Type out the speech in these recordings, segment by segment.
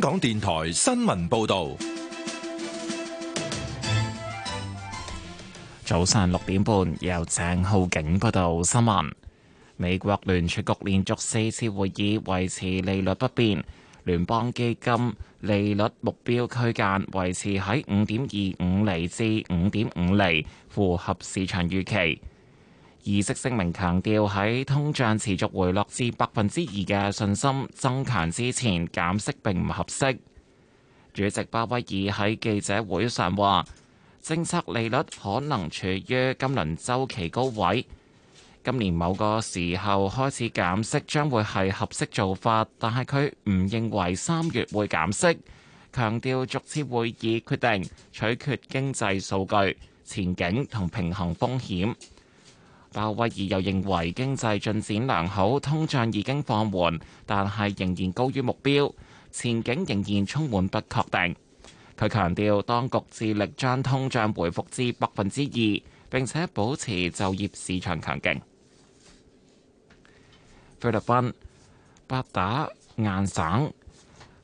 香港電台新聞報道，早上六點半，由鄭浩景報道新聞。美國聯儲局連續四次會議維持利率不變，聯邦基金利率目標區間維持喺五點二五厘至五點五厘，符合市場預期。意識聲明強調喺通脹持續回落至百分之二嘅信心增強之前，減息並唔合適。主席鮑威爾喺記者會上話，政策利率可能處於今輪周期高位。今年某個時候開始減息將會係合適做法，但係佢唔認為三月會減息。強調逐次會議決定取決經濟數據、前景同平衡風險。鮑威爾又認為經濟進展良好，通脹已經放緩，但係仍然高於目標，前景仍然充滿不確定。佢強調，當局致力將通脹回復至百分之二，並且保持就業市場強勁。菲律賓八打雁省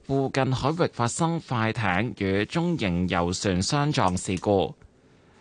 附近海域發生快艇與中型遊船相撞事故。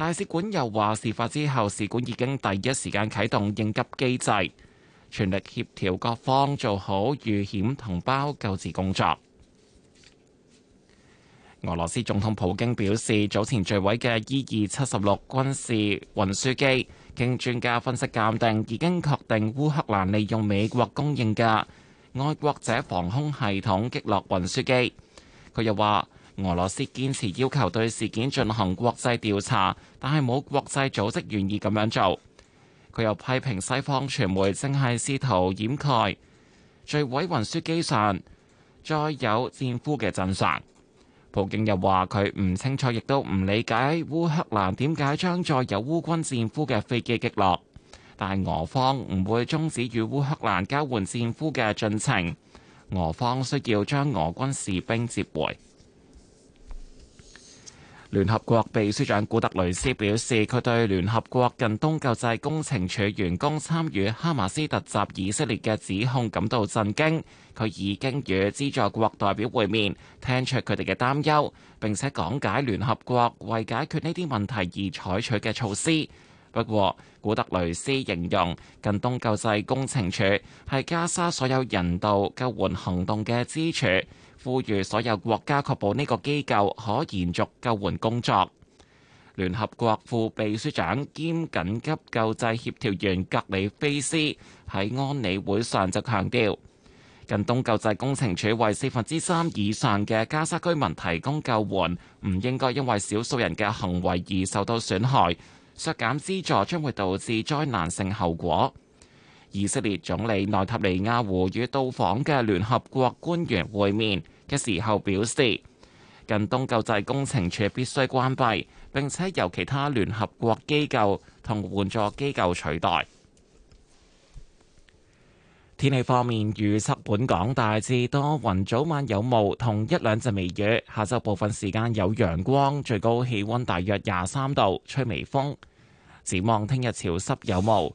大使館又話：事發之後，使館已經第一時間啟動應急機制，全力協調各方做好遇險同胞救治工作。俄羅斯總統普京表示，早前墜毀嘅伊爾七十六軍事運輸機經專家分析鑑定，已經確定烏克蘭利用美國供應嘅愛國者防空系統擊落運輸機。佢又話。俄羅斯堅持要求對事件進行國際調查，但係冇國際組織願意咁樣做。佢又批評西方傳媒正係試圖掩蓋墜毀運輸機上載有戰俘嘅真相。普京又話佢唔清楚，亦都唔理解烏克蘭點解將載有烏軍戰俘嘅飛機擊落，但係俄方唔會終止與烏克蘭交換戰俘嘅進程。俄方需要將俄軍士兵接回。聯合國秘書長古特雷斯表示，佢對聯合國近東救濟工程處員工參與哈馬斯突襲以色列嘅指控感到震驚。佢已經與資助國代表會面，聽出佢哋嘅擔憂，並且講解聯合國為解決呢啲問題而採取嘅措施。不過，古特雷斯形容近東救濟工程處係加沙所有人道救援行動嘅支柱。呼籲所有國家確保呢個機構可延續救援工作。聯合國副秘書長兼緊急救濟協調員格里菲斯喺安理會上就強調，近東救濟工程處為四分之三以上嘅加沙居民提供救援，唔應該因為少數人嘅行為而受到損害。削減資助將會導致災難性後果。以色列總理內塔尼亞胡與到訪嘅聯合國官員會面嘅時候表示，近東救濟工程處必須關閉，並且由其他聯合國機構同援助機構取代。天氣方面，預測本港大致多雲，早晚有霧，同一兩陣微雨。下晝部分時間有陽光，最高氣温大約廿三度，吹微風。展望聽日潮濕有霧，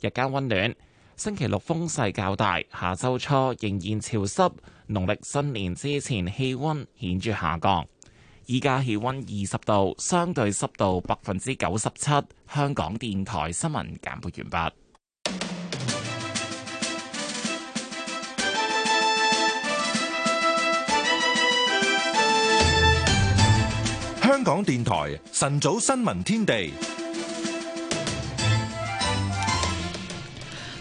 日間温暖。星期六風勢較大，下周初仍然潮濕。農曆新年之前氣温顯著下降。依家氣温二十度，相對濕度百分之九十七。香港電台新聞簡報完畢。香港電台晨早新聞天地。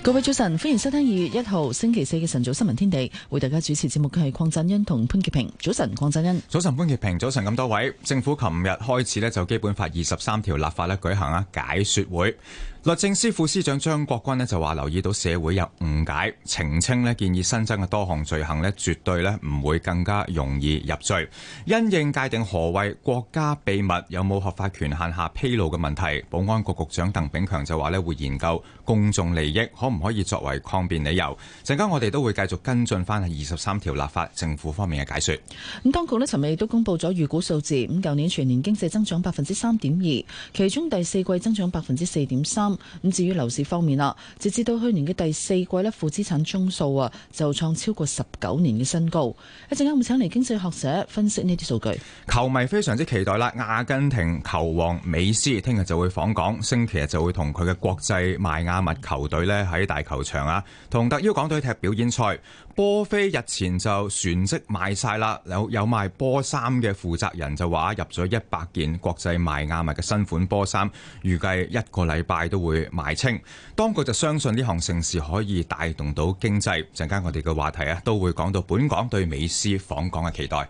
各位早晨，歡迎收聽二月一號星期四嘅晨早新聞天地，為大家主持節目嘅係鄺振恩同潘潔平。早晨，鄺振恩。早晨，潘潔平。早晨，咁多位。政府琴日開始咧就基本法二十三條立法咧舉行啊解說會。律政司副司長張國鈞咧就話留意到社會有誤解，澄清咧建議新增嘅多項罪行咧絕對咧唔會更加容易入罪。因應界定何謂國家秘密有冇合法權限下披露嘅問題，保安局局長鄧炳強就話咧會研究。公眾利益可唔可以作為抗辯理由？陣間我哋都會繼續跟進返喺二十三條立法政府方面嘅解説。咁當局呢，尋日亦都公布咗預估數字，咁舊年全年經濟增長百分之三點二，其中第四季增長百分之四點三。咁至於樓市方面啦，直至到去年嘅第四季呢，負資產宗數啊就創超過十九年嘅新高。一陣間會我請嚟經濟學者分析呢啲數據。球迷非常之期待啦，阿根廷球王美斯聽日就會訪港，星期日就會同佢嘅國際賣亞密球隊呢喺大球場啊，同特邀港隊踢表演賽。波飛日前就全數賣晒啦，有有賣波衫嘅負責人就話入咗一百件國際邁亞密嘅新款波衫，預計一個禮拜都會賣清。當局就相信呢項盛事可以帶動到經濟。陣間我哋嘅話題啊，都會講到本港對美斯訪港嘅期待。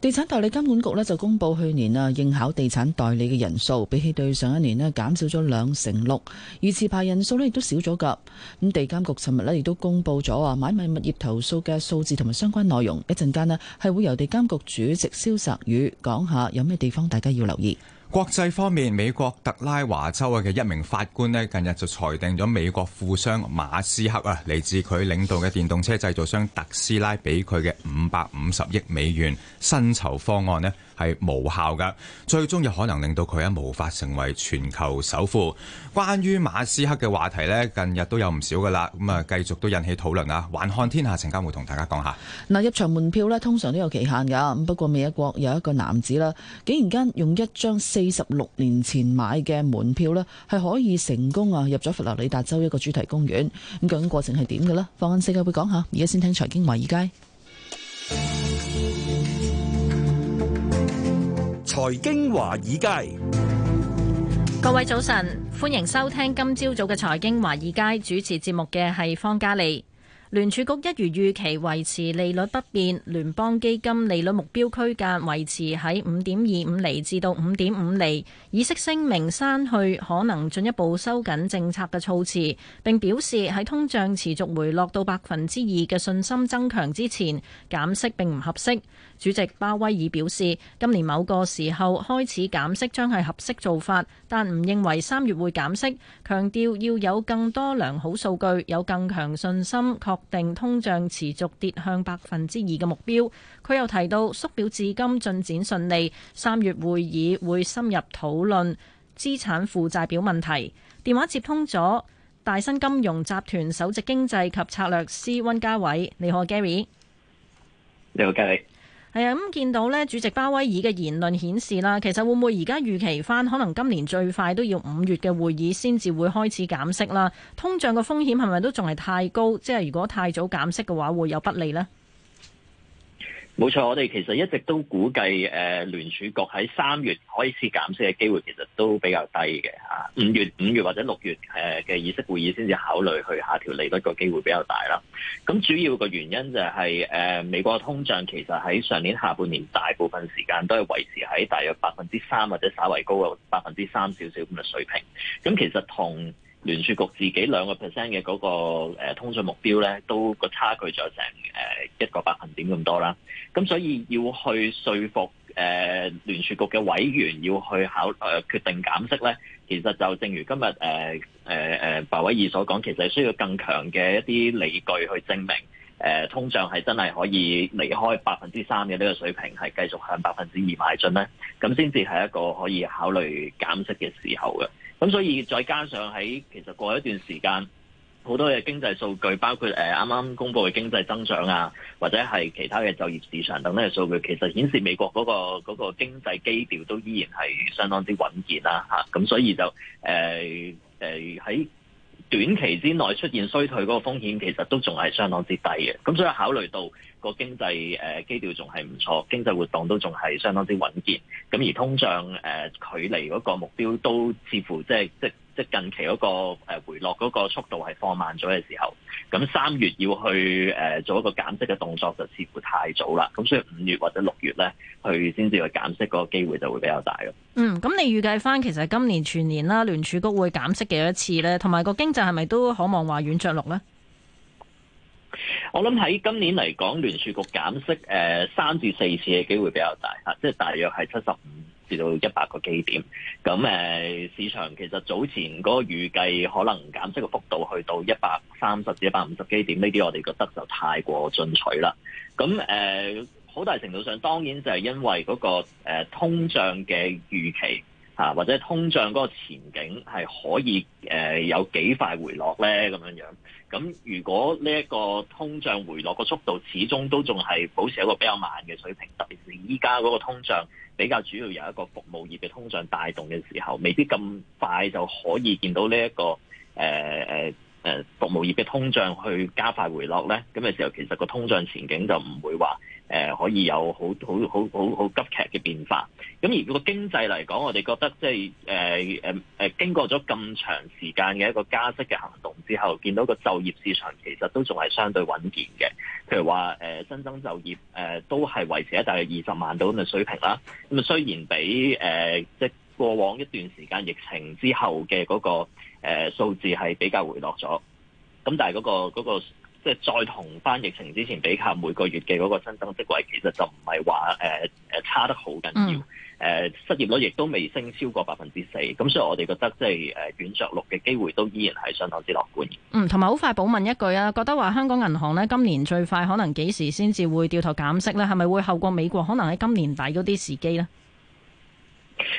地產代理監管局咧就公布去年啊，應考地產代理嘅人數，比起對上一年咧減少咗兩成六，而持牌人數咧亦都少咗噶。咁地監局尋日咧亦都公布咗啊，買賣物業投訴嘅數字同埋相關內容，一陣間咧係會由地監局主席蕭澤宇講下有咩地方大家要留意。國際方面，美國特拉華州啊嘅一名法官近日就裁定咗美國富商馬斯克啊，嚟自佢領導嘅電動車製造商特斯拉，俾佢嘅五百五十億美元薪酬方案，係無效嘅，最終有可能令到佢啊無法成為全球首富。關於馬斯克嘅話題咧，近日都有唔少嘅啦。咁啊，繼續都引起討論啊。還看天下陳家梅會同大家講下。嗱，入場門票呢，通常都有期限㗎。咁不過美國有一個男子啦，竟然間用一張四十六年前買嘅門票呢，係可以成功啊入咗佛羅里達州一個主題公園。咁究竟過程係點嘅呢？放眼世界會講下。而家先聽財經華爾街。財經華爾街，各位早晨，歡迎收聽今朝早嘅財經華爾街主持節目嘅係方嘉利。聯儲局一如預期維持利率不變，聯邦基金利率目標區間維持喺五點二五厘至到五點五厘。議息聲明刪去可能進一步收緊政策嘅措辭，並表示喺通脹持續回落到百分之二嘅信心增強之前，減息並唔合適。主席鮑威爾表示，今年某個時候開始減息將係合適做法，但唔認為三月會減息。強調要有更多良好數據，有更強信心，確定通脹持續跌向百分之二嘅目標。佢又提到縮表至今進展順利，三月會議會深入討論資產負債表問題。電話接通咗大新金融集團首席經濟及策略師温家偉，你好 Gary，你好 Gary。係啊，咁、嗯、見到咧，主席鮑威爾嘅言論顯示啦，其實會唔會而家預期翻，可能今年最快都要五月嘅會議先至會開始減息啦。通脹嘅風險係咪都仲係太高？即係如果太早減息嘅話，會有不利呢？冇錯，我哋其實一直都估計，誒、呃、聯儲局喺三月開始減息嘅機會其實都比較低嘅嚇。五、啊、月、五月或者六月，誒嘅議息會議先至考慮去下調利率個機會比較大啦。咁主要個原因就係、是，誒、呃、美國嘅通脹其實喺上年下半年大部分時間都係維持喺大約百分之三或者稍為高嘅百分之三少少咁嘅水平。咁其實同聯儲局自己兩個 percent 嘅嗰個通脹目標咧，都個差距就成誒一個百分點咁多啦。咁所以要去說服誒、呃、聯儲局嘅委員要去考誒、呃、決定減息咧，其實就正如今日誒誒誒鮑威爾所講，其實需要更強嘅一啲理據去證明誒、呃、通脹係真係可以離開百分之三嘅呢個水平，係繼續向百分之二邁進咧，咁先至係一個可以考慮減息嘅時候嘅。咁所以再加上喺其實過一段時間好多嘅經濟數據，包括誒啱啱公布嘅經濟增長啊，或者係其他嘅就業市場等呢個數據，其實顯示美國嗰個嗰個經濟基調都依然係相當之穩健啦，吓，咁所以就誒誒喺。呃呃短期之內出現衰退嗰個風險，其實都仲係相當之低嘅。咁所以考慮到個經濟誒基調仲係唔錯，經濟活動都仲係相當之穩健。咁而通脹誒、呃、距離嗰個目標都似乎即係即。即係即近期嗰個回落嗰個速度係放慢咗嘅時候，咁三月要去誒做一個減息嘅動作，就似乎太早啦。咁所以五月或者六月咧，佢先至去減息嗰個機會就會比較大咯。嗯，咁你預計翻其實今年全年啦，聯儲局會減息幾多次咧？同埋個經濟係咪都可望話軟着陸咧？我諗喺今年嚟講，聯儲局減息誒三至四次嘅機會比較大嚇，即係大約係七十五，至到一百個基點，咁誒、呃、市場其實早前嗰個預計可能減息嘅幅度去到一百三十至一百五十基點，呢啲我哋覺得就太過進取啦。咁誒好大程度上，當然就係因為嗰、那個、呃、通脹嘅預期嚇、啊，或者通脹嗰個前景係可以誒、呃、有幾快回落咧，咁樣樣。咁如果呢一個通脹回落個速度，始終都仲係保持一個比較慢嘅水平，特別是依家嗰個通脹比較主要由一個服務業嘅通脹帶動嘅時候，未必咁快就可以見到呢、這、一個誒誒誒服務業嘅通脹去加快回落咧。咁、那、嘅、個、時候，其實個通脹前景就唔會話，誒、呃、可以有好好好好好急劇嘅變化，咁而個經濟嚟講，我哋覺得即係誒誒誒經過咗咁長時間嘅一個加息嘅行動之後，見到個就業市場其實都仲係相對穩健嘅。譬如話誒、呃、新增就業誒、呃、都係維持喺大約二十萬度咁嘅水平啦。咁、呃、雖然比誒即係過往一段時間疫情之後嘅嗰、嗰個誒、呃、數字係比較回落咗，咁但係嗰個嗰個。嗰個即係再同翻疫情之前比較，每個月嘅嗰個新增職位，其實就唔係話誒誒差得好緊要，誒、嗯呃、失業率亦都未升超過百分之四，咁所以我哋覺得即係誒軟着陸嘅機會都依然係相當之樂觀。嗯，同埋好快補問一句啊，覺得話香港銀行咧今年最快可能幾時先至會掉頭減息咧？係咪會後過美國？可能喺今年底嗰啲時機咧？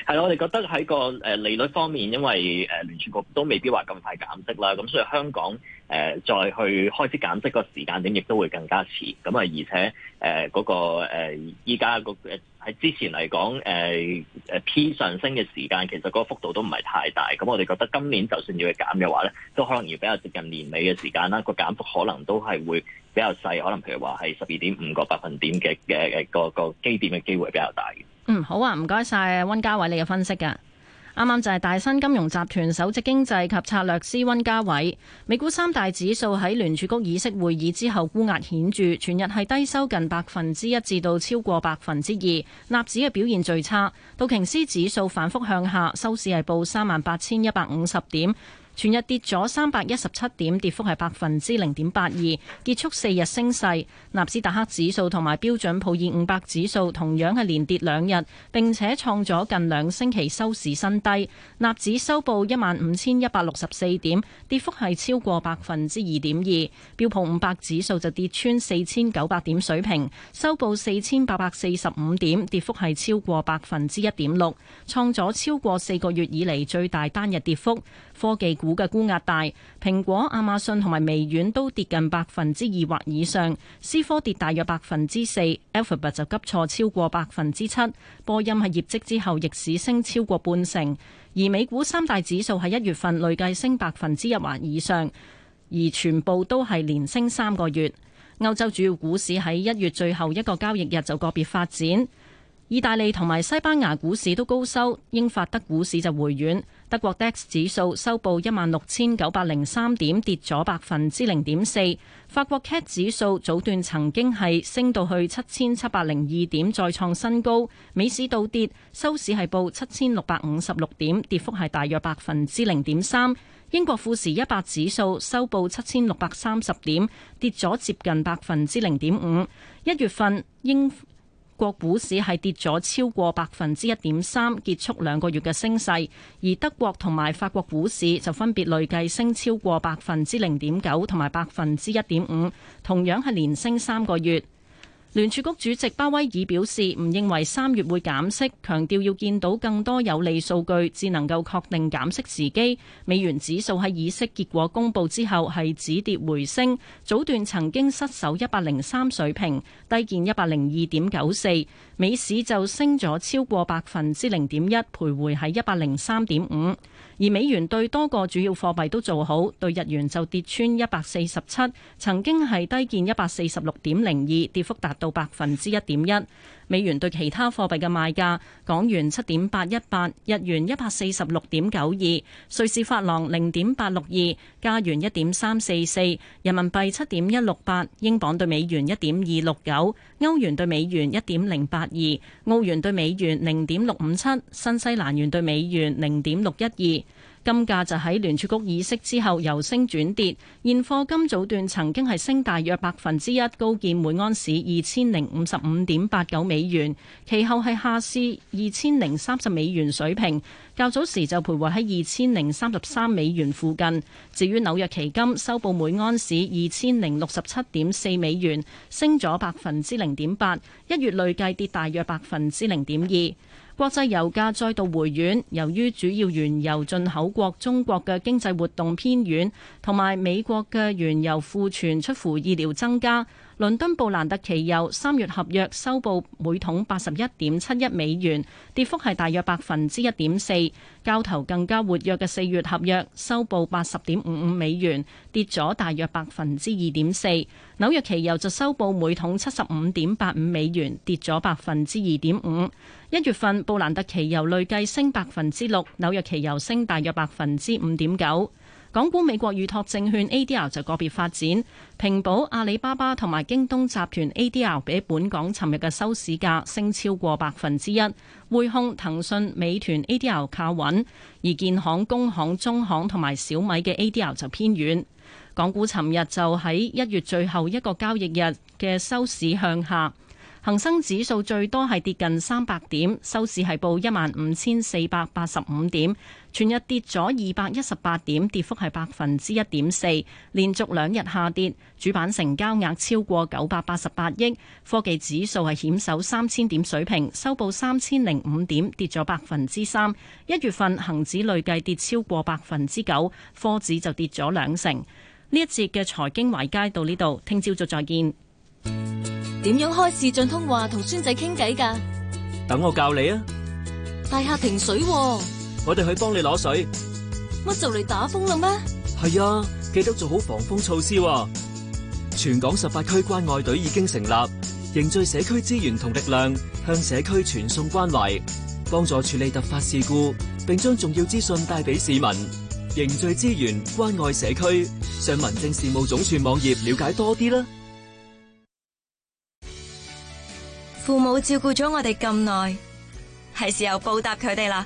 係咯，我哋覺得喺個誒利率方面，因為誒聯儲局都未必話咁快減息啦，咁、嗯、所以香港誒、呃、再去開始減息個時間點，亦都會更加遲。咁、嗯、啊，而且誒嗰個誒依家個喺之前嚟講，誒、呃、誒、呃、P 上升嘅時間，其實嗰個幅度都唔係太大。咁、嗯、我哋覺得今年就算要去減嘅話咧，都可能要比較接近年尾嘅時間啦。個減幅可能都係會比較細，可能譬如話係十二點五個百分點嘅嘅嘅個個基點嘅機會比較大嘅。嗯，好啊，唔該晒温家偉，你嘅分析嘅、啊，啱啱就係大新金融集團首席經濟及策略師温家偉。美股三大指數喺聯儲局議息會議之後，沽壓顯著，全日係低收近百分之一至到超過百分之二，納指嘅表現最差，道瓊斯指數反覆向下，收市係報三萬八千一百五十點。全日跌咗三百一十七點，跌幅係百分之零點八二，結束四日升勢。納斯達克指數同埋標準普爾五百指數同樣係連跌兩日，並且創咗近兩星期收市新低。納指收報一萬五千一百六十四點，跌幅係超過百分之二點二。標普五百指數就跌穿四千九百點水平，收報四千八百四十五點，跌幅係超過百分之一點六，創咗超過四個月以嚟最大單日跌幅。科技股嘅沽壓大，蘋果、亞馬遜同埋微軟都跌近百分之二或以上，思科跌大約百分之四，Alphabet 就急挫超過百分之七，波音喺業績之後逆市升超過半成，而美股三大指數喺一月份累計升百分之一或以上，而全部都係連升三個月。歐洲主要股市喺一月最後一個交易日就個別發展，意大利同埋西班牙股市都高收，英法德股市就回軟。德國 DAX 指數收報一萬六千九百零三點，跌咗百分之零點四。法國 CAC 指數早段曾經係升到去七千七百零二點，再創新高。美市倒跌，收市係報七千六百五十六點，跌幅係大約百分之零點三。英國富時一百指數收報七千六百三十點，跌咗接近百分之零點五。一月份英國股市係跌咗超過百分之一點三，結束兩個月嘅升勢，而德國同埋法國股市就分別累計升超過百分之零點九同埋百分之一點五，同樣係連升三個月。聯儲局主席鮑威爾表示唔認為三月會減息，強調要見到更多有利數據至能夠確定減息時機。美元指數喺議息結果公布之後係止跌回升，早段曾經失守一百零三水平，低見一百零二點九四，美市就升咗超過百分之零點一，徘徊喺一百零三點五。而美元對多個主要貨幣都做好，對日元就跌穿一百四十七，曾經係低見一百四十六點零二，跌幅達到百分之一點一。美元對其他貨幣嘅賣價：港元七點八一八，日元一百四十六點九二，瑞士法郎零點八六二，加元一點三四四，人民幣七點一六八，英鎊對美元一點二六九，歐元對美元一點零八二，澳元對美元零點六五七，新西蘭元對美元零點六一二。金價就喺聯儲局議息之後由升轉跌，現貨金早段曾經係升大約百分之一，高見每安士二千零五十五點八九美元，其後係下試二千零三十美元水平。較早時就徘徊喺二千零三十三美元附近。至於紐約期金收報每安士二千零六十七點四美元，升咗百分之零點八，一月累計跌大約百分之零點二。國際油價再度回軟，由於主要原油進口國中國嘅經濟活動偏軟，同埋美國嘅原油庫存出乎意料增加。倫敦布蘭特期油三月合約收報每桶八十一點七一美元，跌幅係大約百分之一點四。交投更加活躍嘅四月合約收報八十點五五美元，跌咗大約百分之二點四。紐約期油就收報每桶七十五點八五美元，跌咗百分之二點五。一月份布蘭特期油累計升百分之六，紐約期油升大約百分之五點九。港股美國預託證券 ADR 就個別發展，平保、阿里巴巴同埋京東集團 ADR 比本港尋日嘅收市價升超過百分之一，匯控、騰訊、美團 ADR 靠穩，而建行、工行、中行同埋小米嘅 ADR 就偏軟。港股尋日就喺一月最後一個交易日嘅收市向下，恒生指數最多係跌近三百點，收市係報一萬五千四百八十五點。全日跌咗二百一十八點，跌幅係百分之一點四，連續兩日下跌。主板成交額超過九百八十八億。科技指數係險守三千點水平，收報三千零五點，跌咗百分之三。一月份恒指累計跌超過百分之九，科指就跌咗兩成。呢一節嘅財經圍街到呢度，聽朝早再見。點樣開視像通話同孫仔傾偈噶？等我教你啊！大廈停水、啊。我哋去幫你攞水，乜就嚟打風啦咩？係啊，記得做好防風措施。全港十八區關愛隊已經成立，凝聚社區資源同力量，向社區傳送關懷，幫助處理突發事故，並將重要資訊帶俾市民。凝聚資源，關愛社區。上民政事務總署網頁了解多啲啦。父母照顧咗我哋咁耐，係時候報答佢哋啦。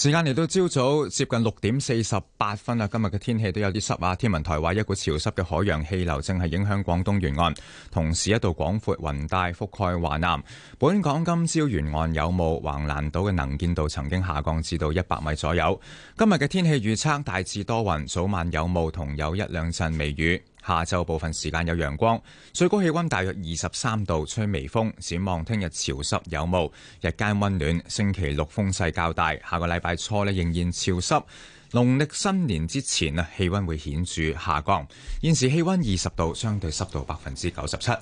時間嚟到朝早接近六點四十八分啦，今日嘅天氣都有啲濕啊！天文台話一股潮濕嘅海洋氣流正係影響廣東沿岸，同時一度廣闊雲帶覆蓋華南。本港今朝沿岸有霧，橫瀾島嘅能見度曾經下降至到一百米左右。今日嘅天氣預測大致多雲，早晚有霧同有一兩陣微雨。下晝部分時間有陽光，最高氣溫大約二十三度，吹微風。展望聽日潮濕有霧，日間溫暖。星期六風勢較大，下個禮拜初呢，仍然潮濕。農曆新年之前啊，氣溫會顯著下降。現時氣溫二十度，相對濕度百分之九十七。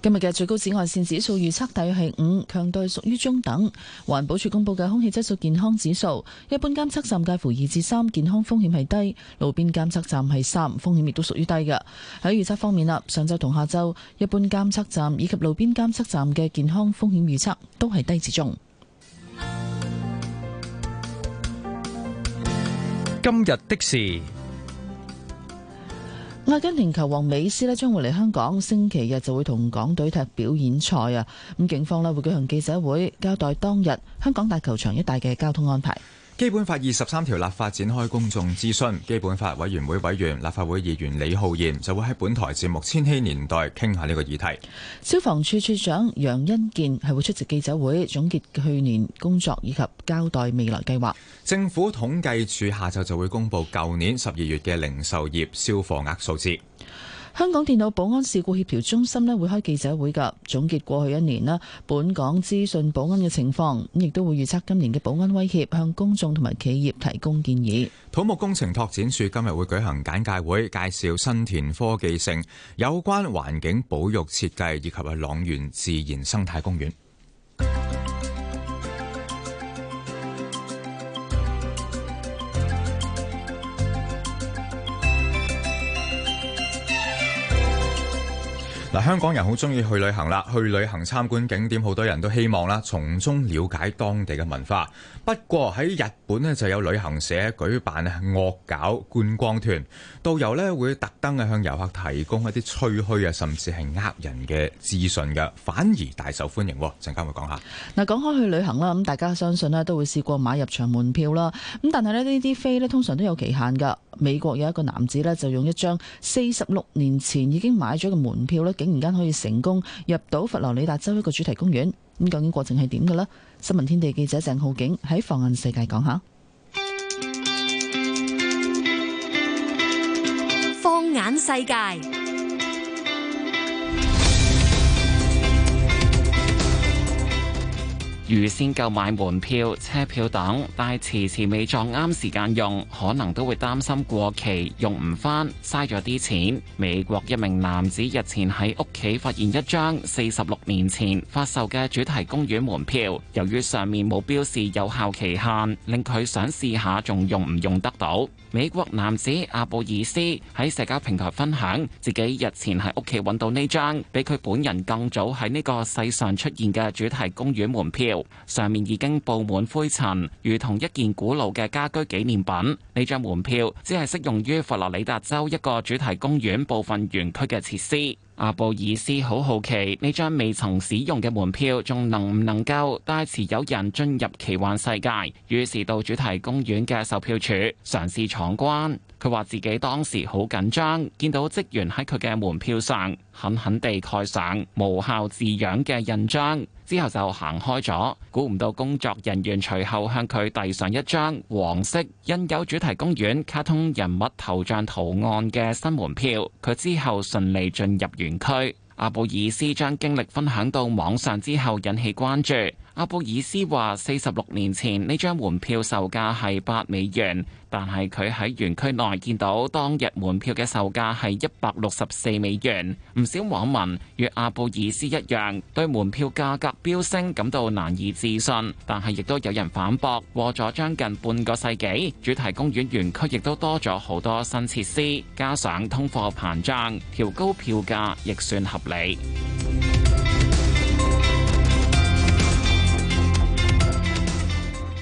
今日嘅最高紫外線指數預測大約係五，強度屬於中等。環保署公布嘅空氣質素健康指數，一般監測站介乎二至三，健康風險係低；路邊監測站係三，風險亦都屬於低嘅。喺預測方面啦，上晝同下晝，一般監測站以及路邊監測站嘅健康風險預測都係低至中。今日的事，阿根廷球王美斯呢將會嚟香港，星期日就會同港隊踢表演賽啊！咁警方呢會舉行記者會，交代當日香港大球場一帶嘅交通安排。基本法二十三條立法展開公眾諮詢，基本法委員會委員、立法會議員李浩然就會喺本台節目《千禧年代》傾下呢個議題。消防處處長楊恩健係會出席記者會，總結去年工作以及交代未來計劃。政府統計處下晝就會公布舊年十二月嘅零售業銷貨額數字。香港電腦保安事故協調中心咧會開記者會㗎，總結過去一年呢本港資訊保安嘅情況，亦都會預測今年嘅保安威脅，向公眾同埋企業提供建議。土木工程拓展署今日會舉行簡介會，介紹新田科技城有關環境保育設計以及啊朗園自然生態公園。嗱，香港人好中意去旅行啦，去旅行參觀景點，好多人都希望啦，從中了解當地嘅文化。不過喺日本咧，就有旅行社舉辦惡搞觀光團，導遊咧會特登向遊客提供一啲吹噓啊，甚至係呃人嘅資訊嘅，反而大受歡迎。陣間會講下。嗱，講開去旅行啦，咁大家相信咧都會試過買入場門票啦。咁但係咧呢啲飛咧通常都有期限㗎。美國有一個男子咧就用一張四十六年前已經買咗嘅門票咧。突然間可以成功入到佛羅里達州一個主題公園，咁究竟過程係點嘅呢？新聞天地記者鄭浩景喺放眼世界講下。放眼世界。預先購買門票、車票等，但係遲遲未撞啱時間用，可能都會擔心過期用唔返，嘥咗啲錢。美國一名男子日前喺屋企發現一張四十六年前發售嘅主題公園門票，由於上面冇標示有效期限，令佢想試下仲用唔用得到。美國男子阿布爾斯喺社交平台分享自己日前喺屋企揾到呢張，比佢本人更早喺呢個世上出現嘅主題公園門票，上面已經布滿灰塵，如同一件古老嘅家居紀念品。呢張門票只係適用於佛羅里達州一個主題公園部分園區嘅設施。阿布爾斯好好奇呢張未曾使用嘅門票仲能唔能夠帶持有人進入奇幻世界，於是到主題公園嘅售票處嘗試闖關，佢話自己當時好緊張，見到職員喺佢嘅門票上狠狠地蓋上無效字樣嘅印章。之後就行開咗，估唔到工作人員隨後向佢遞上一張黃色印有主題公園卡通人物頭像圖案嘅新門票，佢之後順利進入園區。阿布爾斯將經歷分享到網上之後，引起關注。阿布爾斯話：四十六年前呢張門票售價係八美元，但係佢喺園區內見到當日門票嘅售價係一百六十四美元。唔少網民與阿布爾斯一樣對門票價格飆升感到難以置信，但係亦都有人反駁，過咗將近半個世紀，主題公園園區亦都多咗好多新設施，加上通貨膨脹，調高票價亦算合理。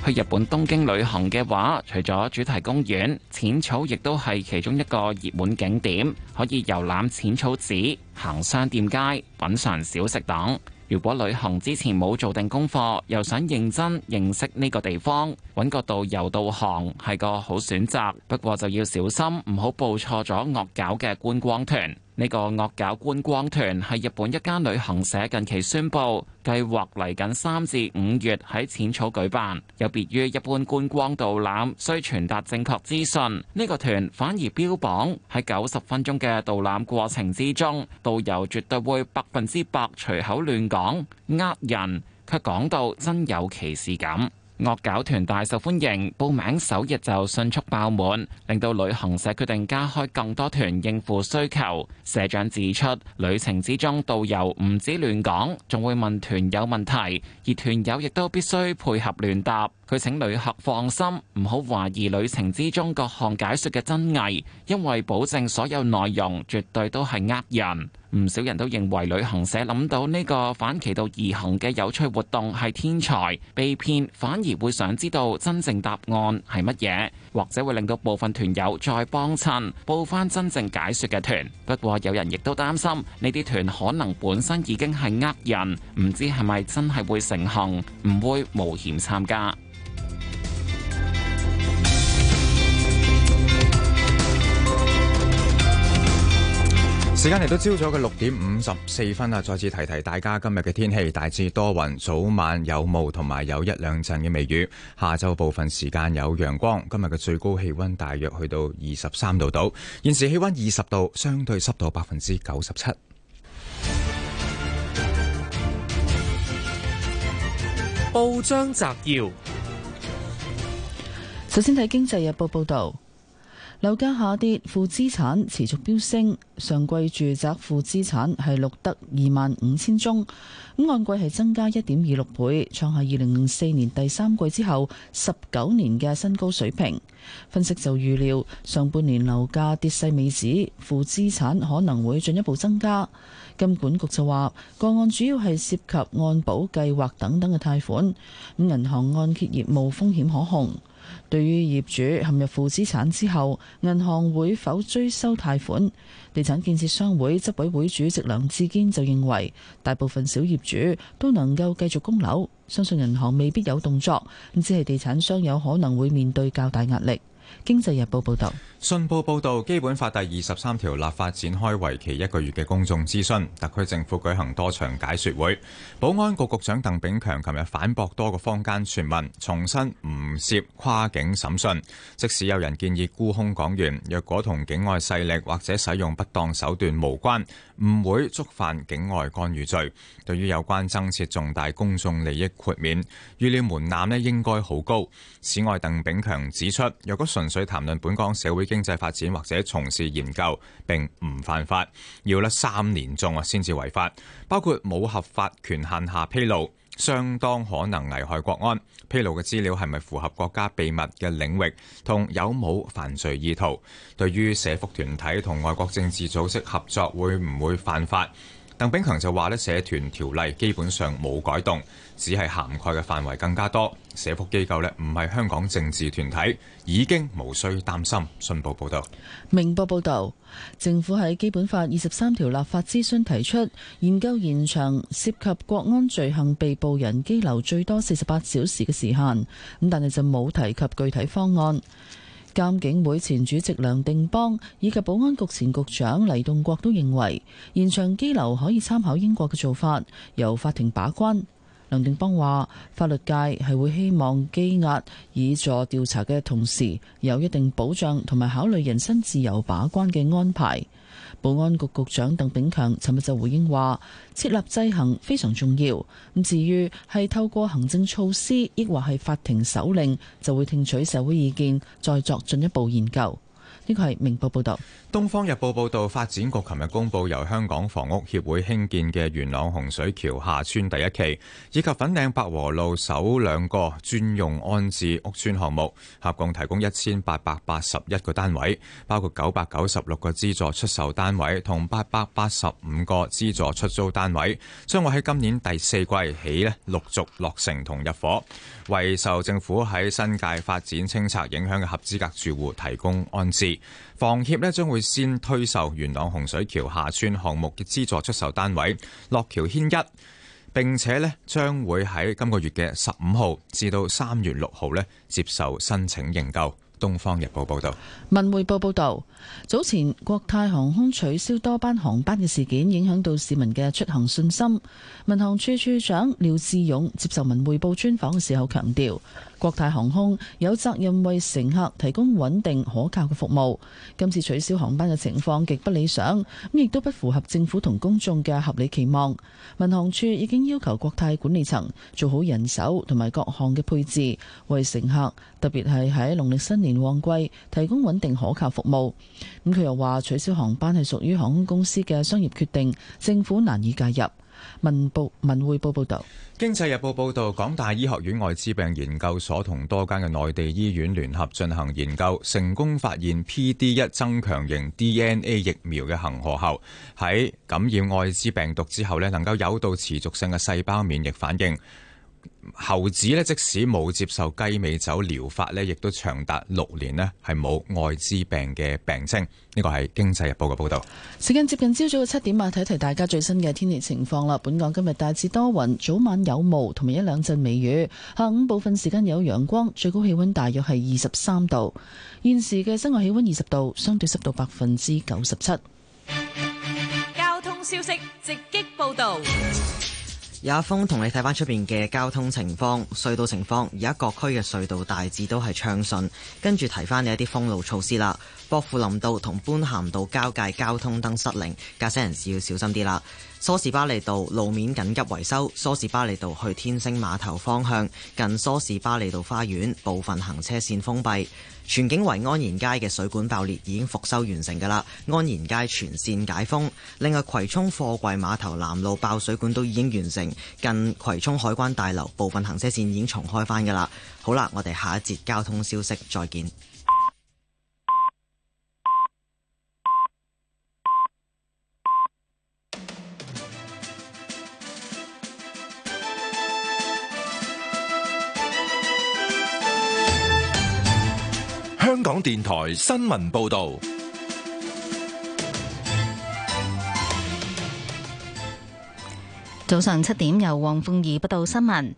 去日本東京旅行嘅話，除咗主題公園，淺草亦都係其中一個熱門景點，可以遊覽淺草寺、行商店街、品嚐小食等。如果旅行之前冇做定功課，又想認真認識呢個地方，揾個導遊導航係個好選擇。不過就要小心，唔好報錯咗惡搞嘅觀光團。呢個惡搞觀光團係日本一家旅行社近期宣布計劃嚟緊三至五月喺淺草舉辦。有別於一般觀光導覽，需傳達正確資訊，呢、這個團反而標榜喺九十分鐘嘅導覽過程之中，導遊絕對會百分之百隨口亂講，呃人，卻講到真有其事咁。惡搞團大受歡迎，報名首日就迅速爆滿，令到旅行社決定加開更多團應付需求。社長指出，旅程之中導遊唔止亂講，仲會問團友問題，而團友亦都必須配合亂答。佢請旅客放心，唔好懷疑旅程之中各項解說嘅真偽，因為保證所有內容絕對都係呃人。唔少人都認為旅行社諗到呢個反其道而行嘅有趣活動係天才，被騙反而會想知道真正答案係乜嘢，或者會令到部分團友再幫襯，報返真正解說嘅團。不過有人亦都擔心，呢啲團可能本身已經係呃人，唔知係咪真係會成行，唔會冒險參加。時間嚟到朝早嘅六點五十四分啊！再次提提大家今日嘅天氣，大致多雲，早晚有霧，同埋有一兩陣嘅微雨。下晝部分時間有陽光。今日嘅最高氣温大約去到二十三度度。現時氣温二十度，相對濕度百分之九十七。報章摘要，首先睇《經濟日報》報道。樓價下跌，負資產持續飆升。上季住宅負資產係錄得二萬五千宗，咁按季係增加一點二六倍，創下二零零四年第三季之後十九年嘅新高水平。分析就預料上半年樓價跌勢未止，負資產可能會進一步增加。金管局就話，個案主要係涉及按保計劃等等嘅貸款，咁銀行按揭業務風險可控。對於業主陷入負資產之後，銀行會否追收貸款？地產建設商會執委會主席梁志堅就認為，大部分小業主都能夠繼續供樓，相信銀行未必有動作，只係地產商有可能會面對較大壓力。經濟日報報道，信報報道，《基本法》第二十三條立法展開為期一個月嘅公眾諮詢，特區政府舉行多場解說會。保安局局長鄧炳強琴日反駁多個坊間傳聞，重申唔涉跨境審訊。即使有人建議沽空港元，若果同境外勢力或者使用不當手段無關。唔會觸犯境外干預罪。對於有關增設重大公眾利益豁免，預料門檻呢應該好高。此外，鄧炳強指出，若果純粹談論本港社會經濟發展或者從事研究，並唔犯法。要呢三年縱啊先至違法，包括冇合法權限下披露。相當可能危害國安，披露嘅資料係咪符合國家秘密嘅領域，同有冇犯罪意圖？對於社福團體同外國政治組織合作，會唔會犯法？鄧炳強就話咧，社團條例基本上冇改動。只係涵蓋嘅範圍更加多，社福機構呢，唔係香港政治團體，已經無需擔心。信報報導，明報報導，政府喺《基本法》二十三條立法諮詢提出研究延長涉及國安罪行被捕人羈留最多四十八小時嘅時限，咁但係就冇提及具體方案。監警會前主席梁定邦以及保安局前局長黎棟國都認為，延長羈留可以參考英國嘅做法，由法庭把關。梁定邦話：法律界係會希望羈押以助調查嘅同時，有一定保障同埋考慮人身自由把關嘅安排。保安局局長鄧炳強尋日就回應話：設立制衡非常重要。咁至於係透過行政措施，亦或係法庭手令，就會聽取社會意見，再作進一步研究。呢個係《明報》報道，《東方日報》報道，發展局琴日公布由香港房屋協會興建嘅元朗洪水橋下村第一期，以及粉嶺百和路首兩個專用安置屋村項目，合共提供一千八百八十一個單位，包括九百九十六個資助出售單位同八百八十五個資助出租單位，將會喺今年第四季起呢陸續落成同入伙。為受政府喺新界發展清拆影響嘅合資格住戶提供安置，房協咧將會先推售元朗洪水橋下村項目嘅資助出售單位落橋軒一，並且咧將會喺今個月嘅十五號至到三月六號咧接受申請認購。《東方日報》報導，《文匯報》報導，早前國泰航空取消多班航班嘅事件，影響到市民嘅出行信心。民航處處長廖志勇接受《文匯報》專訪嘅時候強調。國泰航空有責任為乘客提供穩定可靠嘅服務。今次取消航班嘅情況極不理想，咁亦都不符合政府同公眾嘅合理期望。民航處已經要求國泰管理層做好人手同埋各項嘅配置，為乘客，特別係喺農曆新年旺季，提供穩定可靠服務。咁佢又話取消航班係屬於航空公司嘅商業決定，政府難以介入。文報文匯報報道，《經濟日報》報道，港大醫學院艾滋病研究所同多間嘅內地醫院聯合進行研究，成功發現 PD-1 增強型 DNA 疫苗嘅恆河猴，喺感染艾滋病毒之後咧，能夠誘導持續性嘅細胞免疫反應。猴子咧，即使冇接受雞尾酒療法咧，亦都長達六年咧係冇艾滋病嘅病徵。呢個係《經濟日報》嘅報道。時間接近朝早嘅七點啊，睇一睇大家最新嘅天氣情況啦。本港今日大致多雲，早晚有霧，同埋一兩陣微雨。下午部分時間有陽光，最高氣溫大約係二十三度。現時嘅室外氣溫二十度，相對濕度百分之九十七。交通消息直擊報道。有阿峰同你睇翻出邊嘅交通情況、隧道情況，而家各區嘅隧道大致都係暢順。跟住提翻你一啲封路措施啦。薄扶林道同般咸道交界交通燈失靈，駕駛人士要小心啲啦。梳士巴利道路面緊急維修，梳士巴利道去天星碼頭方向，近梳士巴利道花園部分行車線封閉。全景圍安然街嘅水管爆裂已經復修完成噶啦，安然街全線解封。另外，葵涌貨櫃碼頭南路爆水管都已經完成，近葵涌海關大樓部分行車線已經重開返噶啦。好啦，我哋下一節交通消息再見。香港電台新聞報道，早上七點由黃鳳儀報道新聞。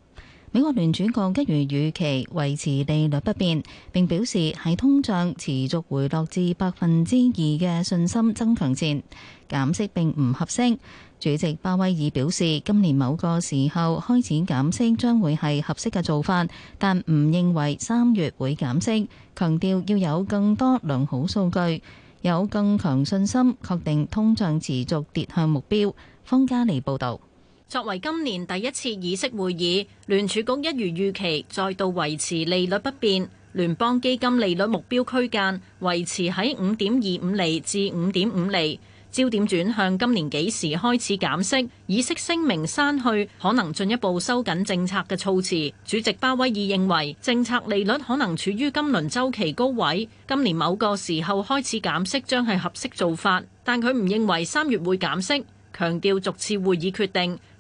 美國聯儲局一如預期維持利率不變，並表示喺通脹持續回落至百分之二嘅信心增強前，減息並唔合適。主席鮑威爾表示，今年某個時候開始減息將會係合適嘅做法，但唔認為三月會減息，強調要有更多良好數據，有更強信心，確定通脹持續跌向目標。方嘉妮報道，作為今年第一次議息會議，聯儲局一如預期再度維持利率不變，聯邦基金利率目標區間維持喺五點二五厘至五點五厘。焦點轉向今年幾時開始減息，以息聲明刪去可能進一步收緊政策嘅措辭。主席鮑威爾認為，政策利率可能處於今輪週期高位，今年某個時候開始減息將係合適做法，但佢唔認為三月會減息，強調逐次會議決定。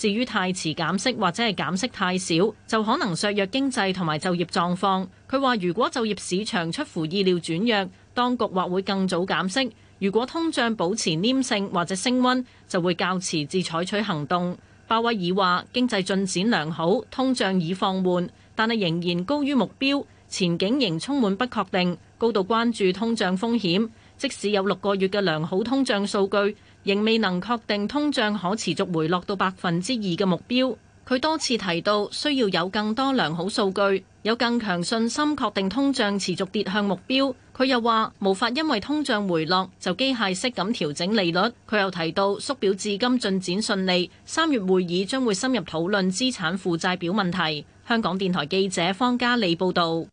至於太遲減息或者係減息太少，就可能削弱經濟同埋就業狀況。佢話：如果就業市場出乎意料轉弱，當局或會更早減息；如果通脹保持黏性或者升溫，就會較遲至採取行動。鮑威爾話：經濟進展良好，通脹已放緩，但係仍然高於目標，前景仍充滿不確定，高度關注通脹風險。即使有六個月嘅良好通脹數據，仍未能確定通脹可持續回落到百分之二嘅目標。佢多次提到需要有更多良好數據，有更強信心確定通脹持續跌向目標。佢又話無法因為通脹回落就機械式咁調整利率。佢又提到縮表至今進展順利，三月會議將會深入討論資產負債表問題。香港電台記者方嘉利報導。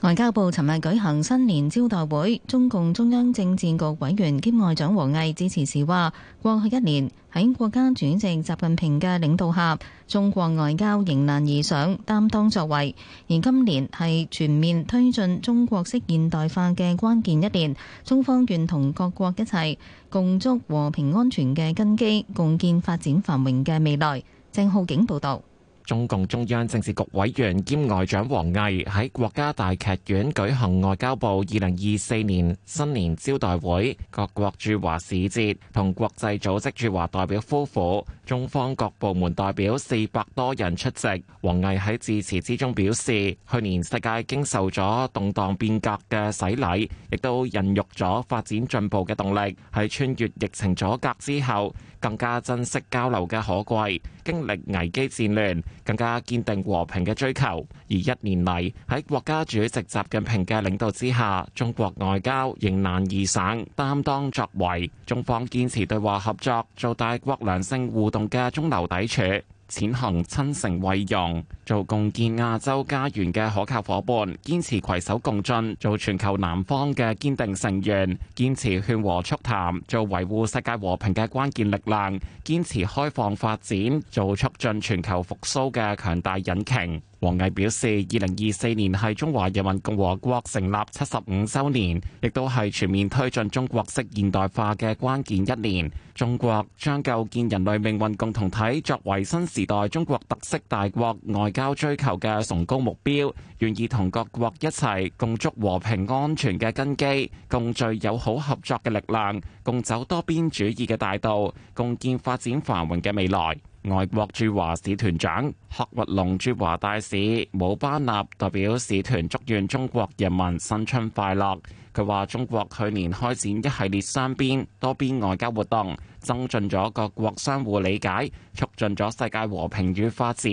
外交部尋日舉行新年招待會，中共中央政治局委員兼外長王毅致辭時話：過去一年喺國家主席習近平嘅領導下，中國外交迎難而上，擔當作為。而今年係全面推進中國式現代化嘅關鍵一年，中方願同各國一齊，共築和平安全嘅根基，共建發展繁榮嘅未來。鄭浩景報導。中共中央政治局委員兼外長王毅喺國家大劇院舉行外交部二零二四年新年招待會，各國駐華使節同國際組織駐華代表夫婦、中方各部門代表四百多人出席。王毅喺致辭之中表示，去年世界經受咗動盪變革嘅洗禮，亦都孕育咗發展進步嘅動力。喺穿越疫情阻隔之後，更加珍惜交流嘅可貴，經歷危機戰亂，更加堅定和平嘅追求。而一年嚟喺國家主席習近平嘅領導之下，中國外交迎難而上，擔當作為，中方堅持對話合作，做大國良性互動嘅中流砥柱。踐行，親誠惠容，做共建亞洲家園嘅可靠伙伴；堅持攜手共進，做全球南方嘅堅定成員；堅持勸和促談，做維護世界和平嘅關鍵力量；堅持開放發展，做促進全球復甦嘅強大引擎。王毅表示，二零二四年係中華人民共和國成立七十五周年，亦都係全面推進中國式現代化嘅關鍵一年。中國將構建人類命運共同體作為新時代中國特色大國外交追求嘅崇高目標，願意同各國一齊共築和平安全嘅根基，共聚友好合作嘅力量，共走多邊主義嘅大道，共建發展繁榮嘅未來。外國駐華使團長、賀雲龍駐華大使姆巴納代表使團祝願中國人民新春快樂。佢話中國去年開展一系列雙邊、多邊外交活動，增進咗各國相互理解，促進咗世界和平與發展。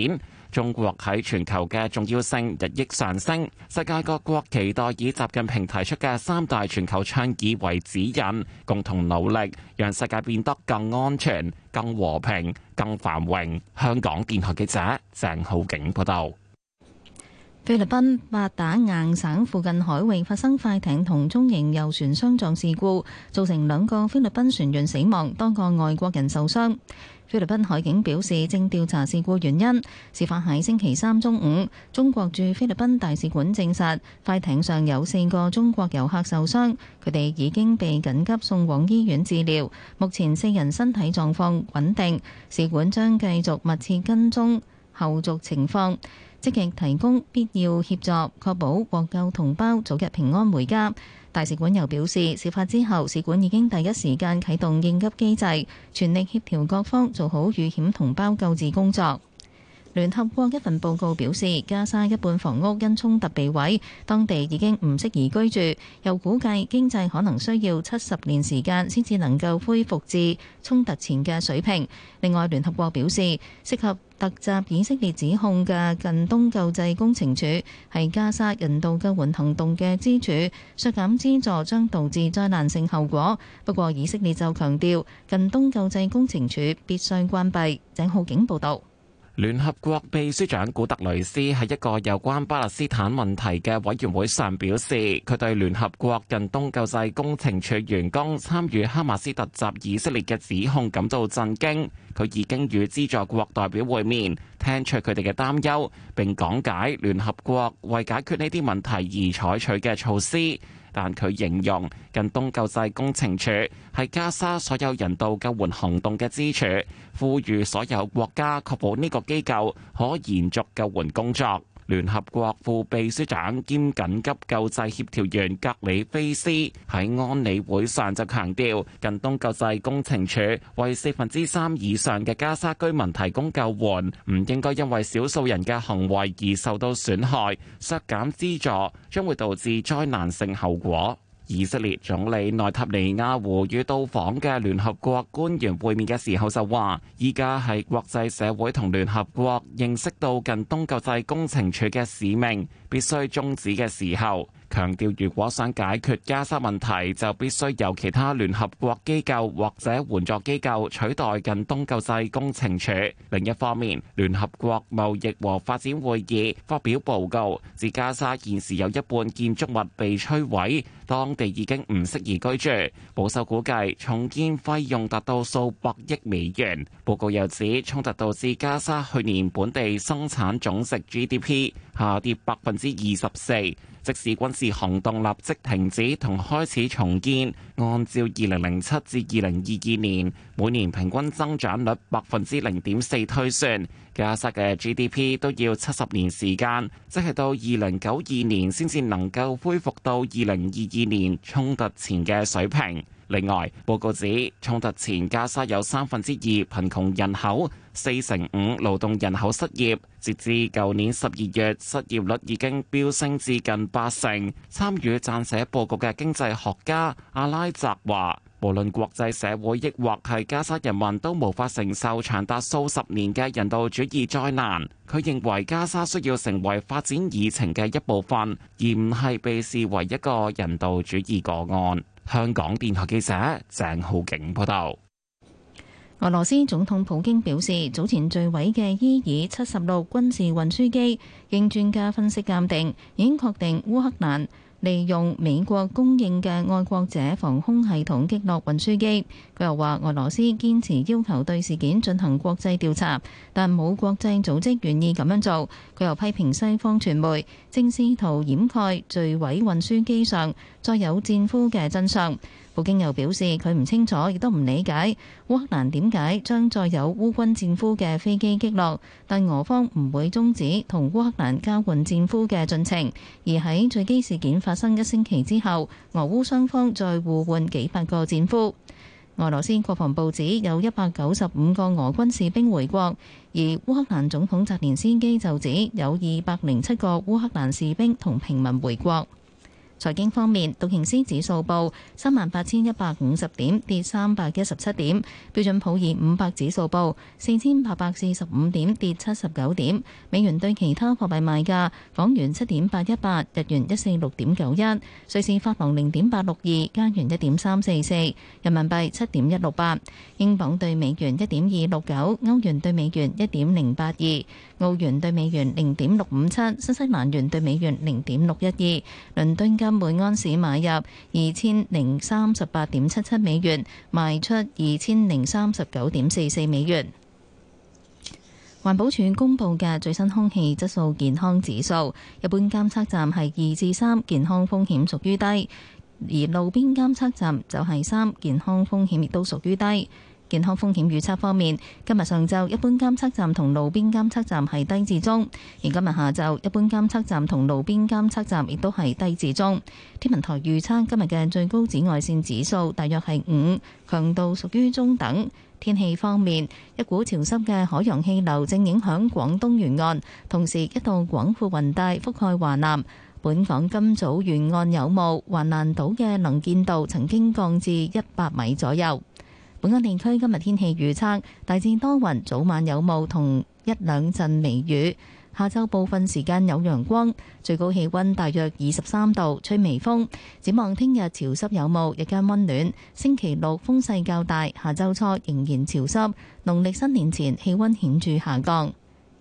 中國喺全球嘅重要性日益上升，世界各國期待以習近平提出嘅三大全球倡議為指引，共同努力，讓世界變得更安全、更和平、更繁榮。香港電台記者鄭浩景報道：菲律賓八打硬省附近海域發生快艇同中型遊船相撞事故，造成兩個菲律賓船員死亡，多個外國人受傷。菲律賓海警表示正調查事故原因。事發喺星期三中午。中國駐菲律賓大使館證實，快艇上有四個中國遊客受傷，佢哋已經被緊急送往醫院治療。目前四人身體狀況穩定，使館將繼續密切跟蹤後續情況，積極提供必要協助，確保獲救同胞早日平安回家。大使館又表示，事發之後，使館已經第一時間啟動應急機制，全力協調各方做好遇險同胞救治工作。聯合國一份報告表示，加沙一半房屋因衝突被毀，當地已經唔適宜居住，又估計經濟可能需要七十年時間先至能夠恢復至衝突前嘅水平。另外，聯合國表示，適合。特集以色列指控嘅近東救濟工程處係加沙人道救援行動嘅支柱，削減資助將導致災難性後果。不過以色列就強調近東救濟工程處必須關閉，鄭浩景報道。聯合國秘書長古特雷斯喺一個有關巴勒斯坦問題嘅委員會上表示，佢對聯合國近東救濟工程處員工參與哈馬斯突襲以色列嘅指控感到震驚。佢已經與資助國代表會面，聽取佢哋嘅擔憂，並講解聯合國為解決呢啲問題而採取嘅措施。但佢形容近東救濟工程署係加沙所有人道救援行動嘅支柱，呼籲所有國家確保呢個機構可延續救援工作。聯合國副秘書長兼緊急救濟協調員格里菲斯喺安理會上就強調，近東救濟工程署為四分之三以上嘅加沙居民提供救援，唔應該因為少數人嘅行為而受到損害，削減資助將會導致災難性後果。以色列總理內塔尼亞胡與到訪嘅聯合國官員會面嘅時候就話：依家係國際社會同聯合國認識到近東救濟工程處嘅使命必須終止嘅時候。強調，如果想解決加沙問題，就必須由其他聯合國機構或者援助機構取代近東救濟工程署。另一方面，聯合國貿易和發展會議發表報告，指加沙現時有一半建築物被摧毀，當地已經唔適宜居住。保守估計重建費用達到數百億美元。報告又指，衝突導致加沙去年本地生產總值 GDP，下跌百分之二十四，即使軍事行動立即停止同開始重建，按照二零零七至二零二二年每年平均增長率百分之零點四推算，加沙嘅 GDP 都要七十年時間，即係到二零九二年先至能夠恢復到二零二二年衝突前嘅水平。另外，報告指衝突前加沙有三分之二貧窮人口。四成五勞動人口失業，截至舊年十二月，失業率已經飆升至近八成。參與撰寫報告嘅經濟學家阿拉澤話，無論國際社會抑或係加沙人民，都無法承受長達數十年嘅人道主義災難。佢認為加沙需要成為發展議程嘅一部分，而唔係被視為一個人道主義個案。香港電台記者鄭浩景報道。俄羅斯總統普京表示，早前墜毀嘅伊爾七十六軍事運輸機經專家分析鑑定，已經確定烏克蘭利用美國供應嘅愛國者防空系統擊落運輸機。佢又話俄羅斯堅持要求對事件進行國際調查，但冇國際組織願意咁樣做。佢又批評西方傳媒正試圖掩蓋墜毀運輸機上載有戰俘嘅真相。普京又表示，佢唔清楚，亦都唔理解烏克蘭點解將再有烏軍戰俘嘅飛機擊落，但俄方唔會終止同烏克蘭交換戰俘嘅進程。而喺墜機事件發生一星期之後，俄烏雙方再互換幾百個戰俘。俄羅斯國防部指有一百九十五個俄軍士兵回國，而烏克蘭總統澤連斯基就指有二百零七個烏克蘭士兵同平民回國。財經方面，道瓊斯指數報三萬八千一百五十點，跌三百一十七點；標準普爾五百指數報四千八百四十五點，跌七十九點。美元對其他貨幣賣價：港元七點八一八，日元一四六點九一，瑞士法郎零點八六二，加元一點三四四，人民幣七點一六八。英鎊對美元一點二六九，歐元對美元一點零八二，澳元對美元零點六五七，新西蘭元對美元零點六一二，倫敦間金每安士買入二千零三十八點七七美元，賣出二千零三十九點四四美元。環保署公布嘅最新空氣質素健康指數，一般監測站係二至三，健康風險屬於低；而路邊監測站就係三，健康風險亦都屬於低。健康風險預測方面，今日上晝一般監測站同路邊監測站係低至中，而今日下晝一般監測站同路邊監測站亦都係低至中。天文台預測今日嘅最高紫外線指數大約係五，強度屬於中等。天氣方面，一股潮濕嘅海洋氣流正影響廣東沿岸，同時一道廣闊雲帶覆蓋華南。本港今早沿岸有霧，華南島嘅能見度曾經降至一百米左右。本港地區今日天氣預測，大致多雲，早晚有霧同一兩陣微雨。下週部分時間有陽光，最高氣溫大約二十三度，吹微風，展望聽日潮濕有霧，日間溫暖。星期六風勢較大，下週初仍然潮濕，農曆新年前氣溫顯著下降。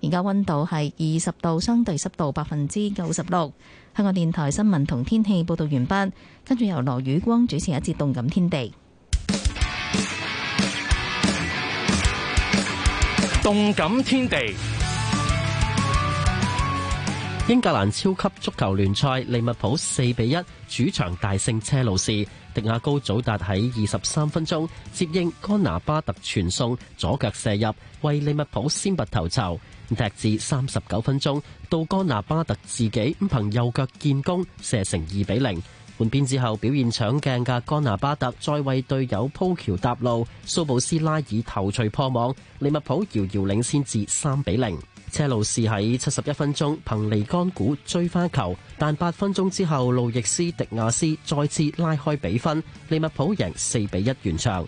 而家溫度係二十度，相對濕度百分之九十六。香港電台新聞同天氣報道完畢，跟住由羅宇光主持一節動感天地。動感天地，英格蘭超級足球聯賽，利物浦四比一主場大勝車路士。迪亞高祖達喺二十三分鐘接應岡拿巴特傳送，左腳射入，為利物浦先拔頭籌。踢至三十九分鐘，到岡拿巴特自己憑右腳建功，射成二比零。換邊之後，表現搶鏡嘅岡拿巴特再為隊友鋪橋搭路，蘇布斯拉爾頭槌破網，利物浦遙遙領先至三比零。車路士喺七十一分鐘憑尼干古追翻球，但八分鐘之後路易斯迪亞斯再次拉開比分，利物浦贏四比一完場。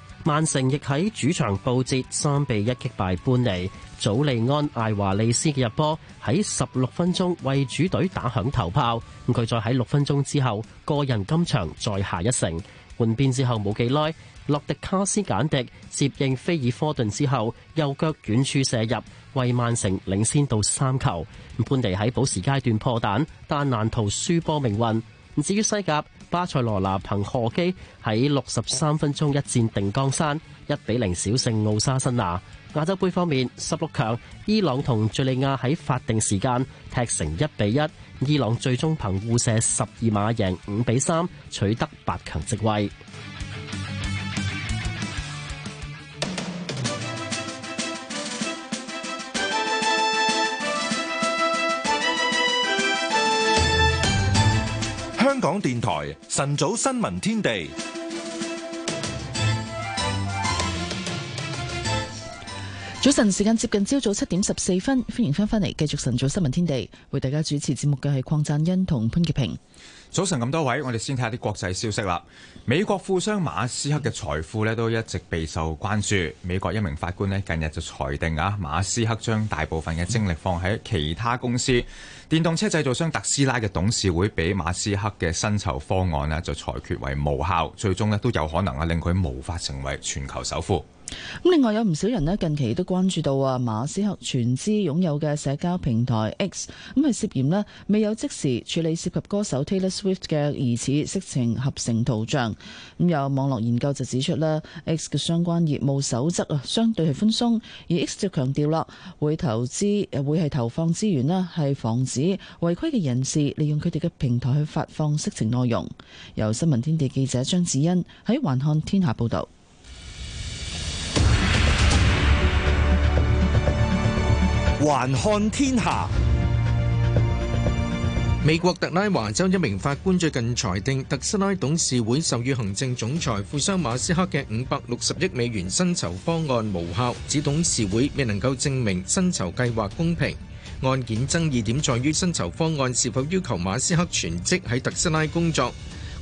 曼城亦喺主場報捷，三比一擊敗潘尼。祖利安艾華利斯嘅入波喺十六分鐘為主隊打響頭炮，佢再喺六分鐘之後個人今場再下一城。換邊之後冇幾耐，洛迪卡斯簡迪接應菲爾科頓之後右腳遠處射入，為曼城領先到三球。潘尼喺補時階段破蛋，但難逃輸波命運。至於西甲，巴塞羅那憑荷基喺六十三分鐘一戰定江山，一比零小勝奧沙辛拿。亞洲盃方面強，十六強伊朗同敘利亞喺法定時間踢成一比一，1, 伊朗最終憑互射十二碼贏五比三，3, 取得八強席位。香港電台晨早新聞天地，早晨時間接近朝早七點十四分，歡迎翻返嚟繼續晨早新聞天地，為大家主持節目嘅係鄺贊欣同潘潔平。早晨，咁多位，我哋先睇下啲國際消息啦。美國富商馬斯克嘅財富咧都一直備受關注。美國一名法官咧近日就裁定啊，馬斯克將大部分嘅精力放喺其他公司。電動車製造商特斯拉嘅董事會俾馬斯克嘅薪酬方案咧就裁決為無效，最終咧都有可能啊令佢無法成為全球首富。咁另外有唔少人咧近期都關注到啊，馬斯克全資擁有嘅社交平台 X，咁係涉嫌咧未有即時處理涉及歌手 Taylor Swift 嘅疑似色情合成圖像。咁有網絡研究就指出咧，X 嘅相關業務守則啊相對係寬鬆，而 X 就強調啦，會投資又會係投放資源咧，係防止違規嘅人士利用佢哋嘅平台去發放色情內容。由新聞天地記者張子欣喺環看天下報道。還看天下。美國特拉華州一名法官最近裁定，特斯拉董事會授予行政總裁富商馬斯克嘅五百六十億美元薪酬方案無效，指董事會未能夠證明薪酬計劃公平。案件爭議點在於薪酬方案是否要求馬斯克全職喺特斯拉工作。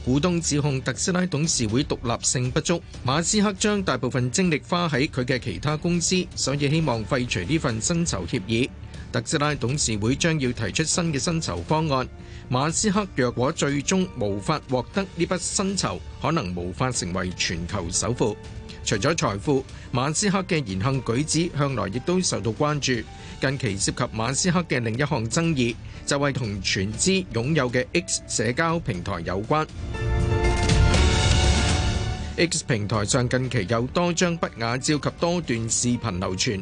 股東指控特斯拉董事會獨立性不足，馬斯克將大部分精力花喺佢嘅其他公司，所以希望廢除呢份薪酬協議。特斯拉董事會將要提出新嘅薪酬方案，馬斯克若果最終無法獲得呢筆薪酬，可能無法成為全球首富。除咗財富，馬斯克嘅言行舉止向來亦都受到關注。近期涉及馬斯克嘅另一項爭議，就係同全資擁有嘅 X 社交平台有關。X 平台上近期有多張不雅照及多段視頻流傳。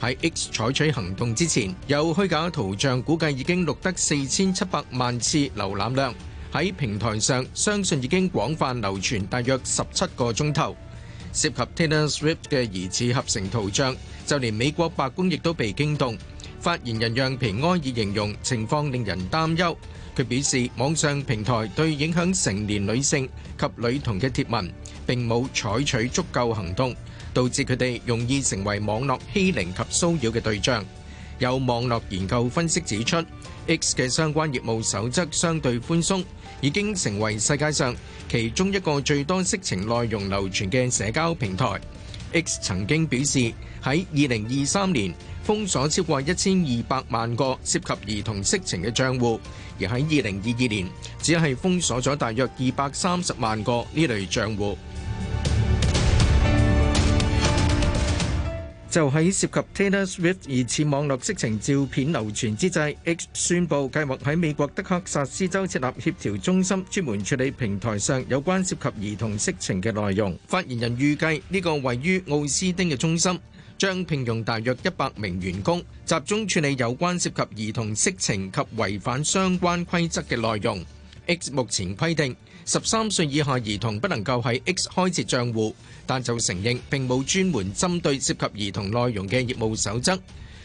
喺 X 採取行動之前，有虛假圖像，估計已經錄得四千七百萬次瀏覽量，喺平台上相信已經廣泛流傳大約十七個鐘頭。涉及 Taylor Swift 嘅疑似合成圖像，就連美國白宮亦都被驚動。發言人讓皮埃爾形容情況令人擔憂。佢表示，網上平台對影響成年女性及女童嘅貼文並冇採取足夠行動。導致佢哋容易成為網絡欺凌及騷擾嘅對象。有網絡研究分析指出，X 嘅相關業務守則相對寬鬆，已經成為世界上其中一個最多色情內容流傳嘅社交平台。X 曾經表示，喺二零二三年封鎖超過一千二百萬個涉及兒童色情嘅帳戶，而喺二零二二年只係封鎖咗大約二百三十萬個呢類帳戶。就喺涉及 Taylor Swift 疑似網絡色情照片流傳之際，X 宣佈計劃喺美國德克薩斯州設立協調中心，專門處理平台上有關涉及兒童色情嘅內容。發言人預計，呢個位於奧斯丁嘅中心，將聘用大約一百名員工，集中處理有關涉及兒童色情及違反相關規則嘅內容。X 目前規定，十三歲以下兒童不能夠喺 X 開設賬戶，但就承認並冇專門針對涉及兒童內容嘅業務守則。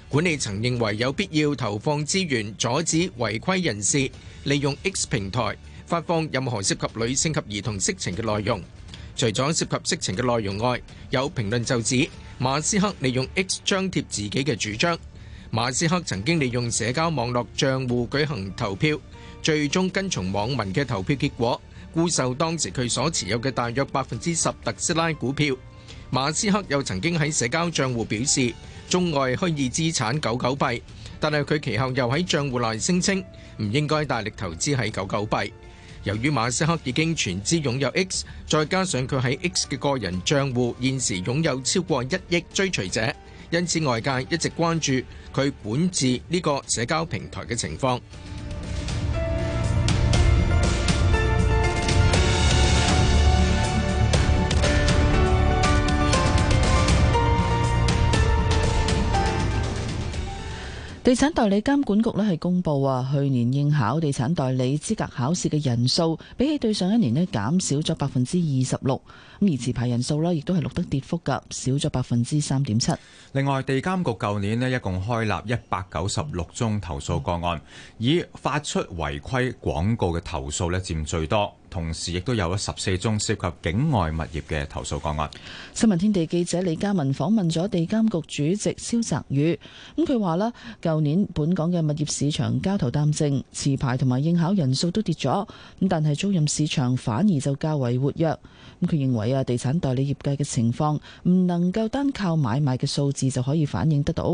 管理層認為有必要投放資源阻止違規人士利用 X 平台發放任何涉及女性及兒童色情嘅內容。除咗涉及色情嘅內容外，有評論就指馬斯克利用 X 張貼自己嘅主張。馬斯克曾經利用社交網絡賬戶舉行投票，最終跟從網民嘅投票結果。沽售當時佢所持有嘅大約百分之十特斯拉股票。馬斯克又曾經喺社交帳戶表示，中外虛擬資產99幣，但係佢其後又喺帳戶內聲稱唔應該大力投資喺99幣。由於馬斯克已經全資擁有 X，再加上佢喺 X 嘅個人帳戶現時擁有超過一億追隨者，因此外界一直關注佢管治呢個社交平台嘅情況。地產代理監管局咧係公佈啊，去年應考地產代理資格考試嘅人數，比起對上一年咧減少咗百分之二十六。咁而持牌人數咧，亦都係錄得跌幅㗎，少咗百分之三點七。另外，地監局舊年咧一共開立一百九十六宗投訴個案，以發出違規廣告嘅投訴咧佔最多，同時亦都有十四宗涉及境外物業嘅投訴個案。新聞天地記者李家文訪問咗地監局主席蕭澤宇，咁佢話啦：舊年本港嘅物業市場交投淡靜，持牌同埋應考人數都跌咗，咁但係租賃市場反而就較為活躍。咁佢認為啊，地產代理業界嘅情況唔能夠單靠買賣嘅數字就可以反映得到。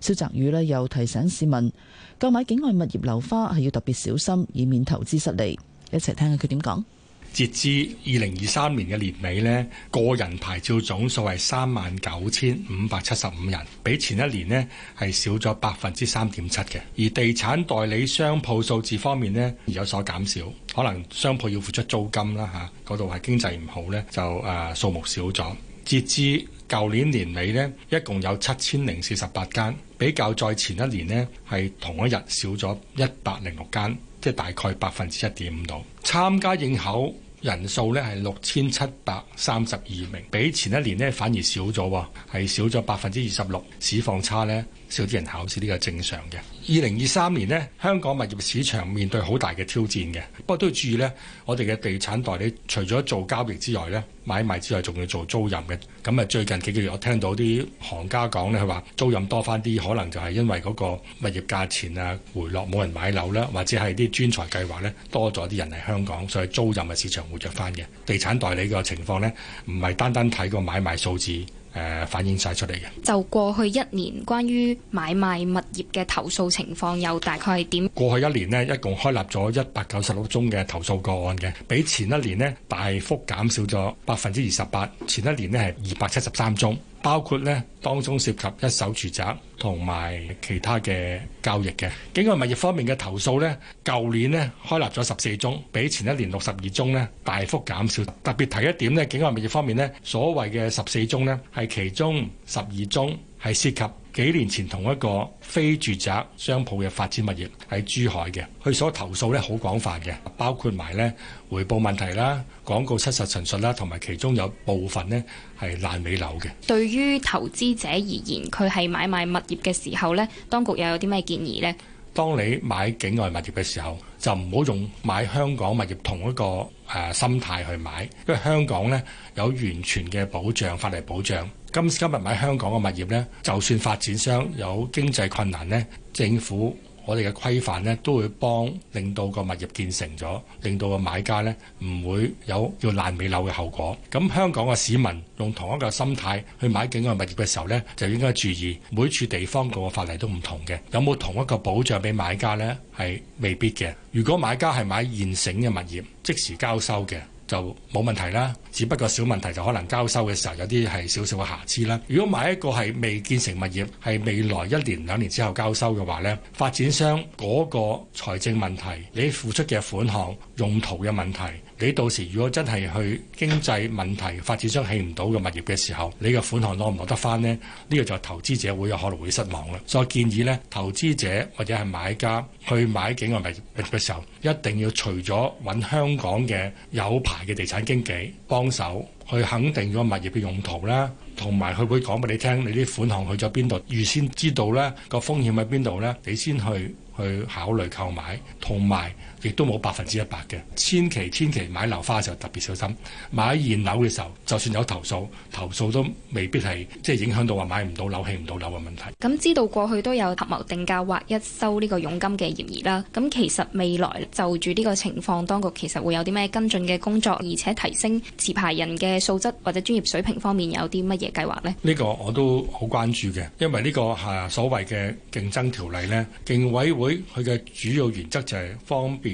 蕭澤宇呢又提醒市民購買境外物業樓花係要特別小心，以免投資失利。一齊聽下佢點講。截至二零二三年嘅年尾呢，個人牌照總數係三萬九千五百七十五人，比前一年呢係少咗百分之三點七嘅。而地產代理商鋪數字方面呢有所減少，可能商鋪要付出租金啦嚇，嗰度係經濟唔好呢，就誒、啊、數目少咗。截至舊年年尾呢，一共有七千零四十八間，比較在前一年呢係同一日少咗一百零六間。即係大概百分之一點五度，參加應考人數呢係六千七百三十二名，比前一年呢反而少咗喎，係少咗百分之二十六，市況差呢。少啲人考試，呢個正常嘅。二零二三年呢，香港物業市場面對好大嘅挑戰嘅。不過都要注意呢，我哋嘅地產代理，除咗做交易之外呢，買賣之外，仲要做租賃嘅。咁啊，最近幾個月我聽到啲行家講呢，佢話租賃多返啲，可能就係因為嗰個物業價錢啊回落，冇人買樓啦，或者係啲專才計劃呢多咗啲人嚟香港，所以租賃嘅市場活躍返嘅。地產代理個情況呢，唔係單單睇個買賣數字。誒、呃、反映晒出嚟嘅就過去一年關於買賣物業嘅投訴情況又大概係點？過去一年呢，一共開立咗一百九十六宗嘅投訴個案嘅，比前一年呢大幅減少咗百分之二十八。前一年呢，係二百七十三宗。包括咧，當中涉及一手住宅同埋其他嘅交易嘅境外物業方面嘅投訴咧，舊年咧開立咗十四宗，比前一年六十二宗咧大幅減少。特別提一點咧，境外物業方面咧，所謂嘅十四宗咧，係其中十二宗係涉及幾年前同一個非住宅商鋪嘅發展物業喺珠海嘅，佢所投訴呢好廣泛嘅，包括埋呢回報問題啦、廣告失實陳述啦，同埋其中有部分呢係爛尾樓嘅。對於投資者而言，佢係買賣物業嘅時候呢，當局又有啲咩建議呢？當你買境外物業嘅時候，就唔好用買香港物業同一個誒心態去買，因為香港呢有完全嘅保障法例保障。今今日買香港嘅物業呢，就算發展商有經濟困難呢，政府我哋嘅規範呢都會幫令到個物業建成咗，令到個買家呢唔會有叫爛尾樓嘅後果。咁香港嘅市民用同一個心態去買境外物業嘅時候呢，就應該注意每處地方個法例都唔同嘅，有冇同一個保障俾買家呢？係未必嘅。如果買家係買現成嘅物業即時交收嘅。就冇問題啦，只不過小問題就可能交收嘅時候有啲係少少嘅瑕疵啦。如果買一個係未建成物業，係未來一年兩年之後交收嘅話咧，發展商嗰個財政問題，你付出嘅款項用途嘅問題。你到時如果真係去經濟問題發展商起唔到嘅物業嘅時候，你嘅款項攞唔攞得翻呢？呢、呢個就投資者會有可能會失望啦。所以我建議呢，投資者或者係買家去買境外物嘅時候，一定要除咗揾香港嘅有牌嘅地產經紀幫手去肯定咗物業嘅用途啦，同埋佢會講俾你聽你啲款項去咗邊度，預先知道呢、呢個風險喺邊度呢？你先去去考慮購買，同埋。亦都冇百分之一百嘅，千祈千祈買樓花就特別小心，買現樓嘅時候就算有投訴投訴都未必係即係影響到話買唔到樓起唔到樓嘅問題，咁知道過去都有合謀定價或一收呢個佣金嘅嫌疑啦。咁其實未來就住呢個情況當局其實會有啲咩跟進嘅工作，而且提升持牌人嘅素質或者專業水平方面有啲乜嘢計劃咧？呢個我都好關注嘅，因為、這個啊、呢個吓所謂嘅競爭條例咧，競委會佢嘅主要原則就係方便。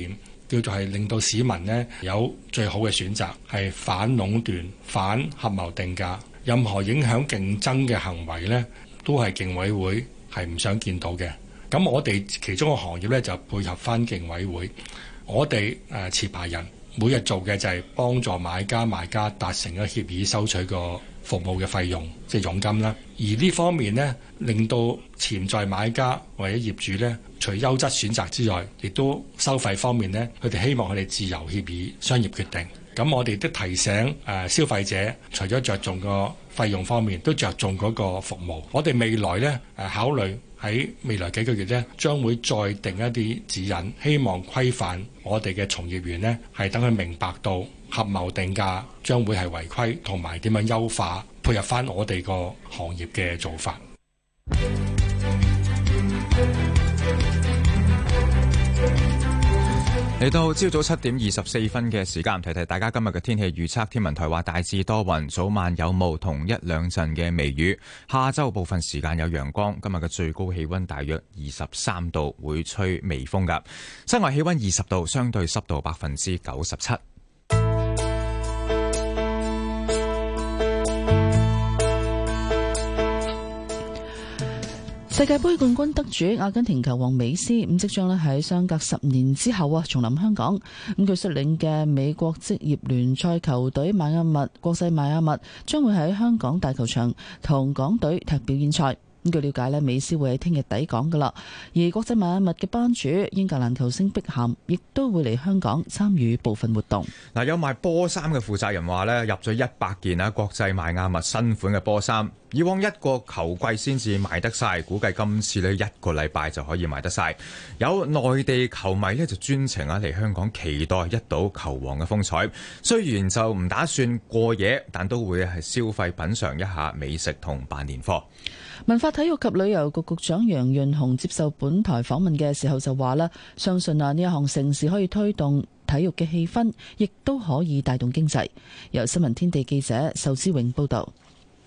叫做係令到市民呢有最好嘅選擇，係反壟斷、反合謀定價，任何影響競爭嘅行為呢都係競委會係唔想見到嘅。咁我哋其中個行業呢就配合翻競委會，我哋誒，持牌人。每日做嘅就係幫助買家賣家達成個協議，收取個服務嘅費用，即係佣金啦。而呢方面咧，令到潛在買家或者業主咧，除優質選擇之外，亦都收費方面咧，佢哋希望佢哋自由協議商業決定。咁我哋都提醒誒消費者，除咗着重個費用方面，都着重嗰個服務。我哋未來咧，誒考慮喺未來幾個月咧，將會再定一啲指引，希望規範我哋嘅從業員咧，係等佢明白到合謀定價將會係違規，同埋點樣優化配合翻我哋個行業嘅做法。嚟到朝早七點二十四分嘅時間，提提大家今日嘅天氣預測。天文台話大致多雲，早晚有霧同一兩陣嘅微雨。下周部分時間有陽光。今日嘅最高氣溫大約二十三度，會吹微風㗎。室外氣溫二十度，相對濕度百分之九十七。世界盃冠軍得主阿根廷球王美斯，咁即將咧喺相隔十年之後啊，重臨香港。咁佢率領嘅美國職業聯賽球隊邁阿密國際、邁阿密將會喺香港大球場同港隊踢表演賽。咁據了解咧，美斯會喺聽日抵港噶啦，而國際邁阿密嘅班主英格蘭球星碧咸，亦都會嚟香港參與部分活動。嗱，有賣波衫嘅負責人話咧，入咗一百件啊，國際邁阿密新款嘅波衫。以往一個球季先至賣得晒，估計今次呢一個禮拜就可以賣得晒。有內地球迷呢就專程啊嚟香港期待一睹球王嘅風采。雖然就唔打算過夜，但都會係消費、品嚐一下美食同辦年貨。文化體育及旅遊局局長楊潤雄接受本台訪問嘅時候就話啦：相信啊呢一行城市可以推動體育嘅氣氛，亦都可以帶動經濟。由新聞天地記者仇思永報導。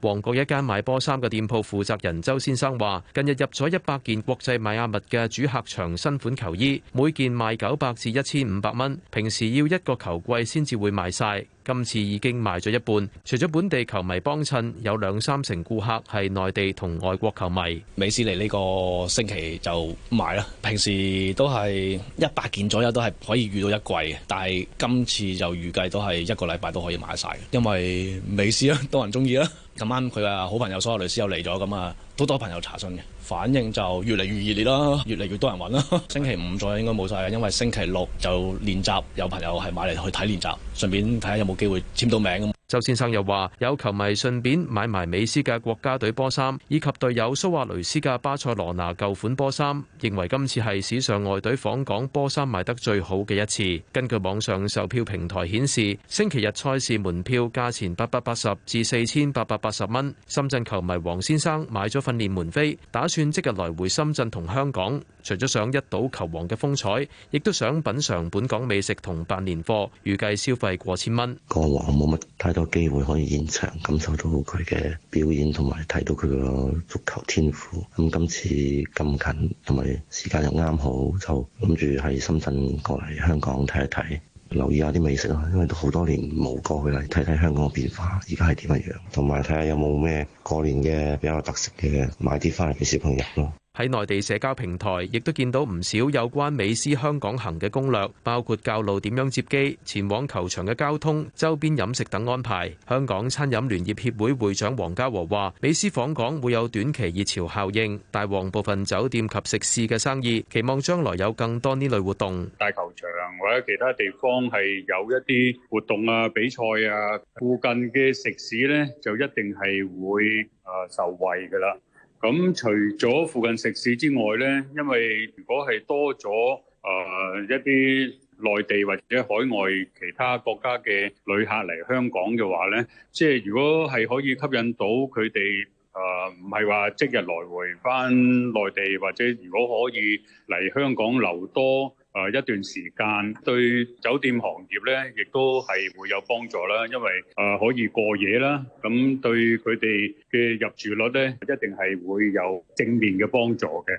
旺角一間賣波衫嘅店鋪負責人周先生話，近日入咗一百件國際買亞物嘅主客場新款球衣，每件賣九百至一千五百蚊，平時要一個球季先至會賣晒。今次已經賣咗一半，除咗本地球迷幫襯，有兩三成顧客係內地同外國球迷。美斯嚟呢個星期就賣啦，平時都係一百件左右都係可以預到一季嘅，但係今次就預計都係一個禮拜都可以買晒，因為美斯啊多人中意啦，咁啱佢啊好朋友蘇亞雷斯又嚟咗，咁啊好多朋友查詢嘅。反應就越嚟越熱烈啦，越嚟越多人搵啦。 星期五再應該冇晒，因為星期六就練習，有朋友係買嚟去睇練習，順便睇下有冇機會簽到名。周先生又話：有球迷順便買埋美斯嘅國家隊波衫，以及隊友蘇華雷斯嘅巴塞羅那舊款波衫，認為今次係史上外隊訪港波衫賣得最好嘅一次。根據網上售票平台顯示，星期日賽事門票價錢八百八十至四千八百八十蚊。深圳球迷黃先生買咗訓練門飛，打算即日來回深圳同香港，除咗想一睹球王嘅風采，亦都想品嚐本港美食同辦年貨，預計消費過千蚊。個話冇乜。有機會可以現場感受到佢嘅表演，同埋睇到佢嘅足球天賦。咁、嗯、今次咁近，同埋時間又啱好，就諗住喺深圳過嚟香港睇一睇，留意一下啲美食咯。因為都好多年冇過去啦，睇睇香港嘅變化，而家係點樣樣，同埋睇下有冇咩過年嘅比較特色嘅買啲翻嚟俾小朋友咯。喺內地社交平台，亦都見到唔少有關美斯香港行嘅攻略，包括教路點樣接機、前往球場嘅交通、周邊飲食等安排。香港餐飲聯業協會會長黃家和話：美斯訪港會有短期熱潮效應，大旺部分酒店及食肆嘅生意。期望將來有更多呢類活動，大球場或者其他地方係有一啲活動啊、比賽啊，附近嘅食肆呢就一定係會啊受惠噶啦。咁除咗附近食肆之外咧，因為如果係多咗誒、呃、一啲內地或者海外其他國家嘅旅客嚟香港嘅話咧，即係如果係可以吸引到佢哋誒唔係話即日來回翻內地，或者如果可以嚟香港留多。啊，一段時間對酒店行業咧，亦都係會有幫助啦，因為啊，可以過夜啦，咁對佢哋嘅入住率咧，一定係會有正面嘅幫助嘅。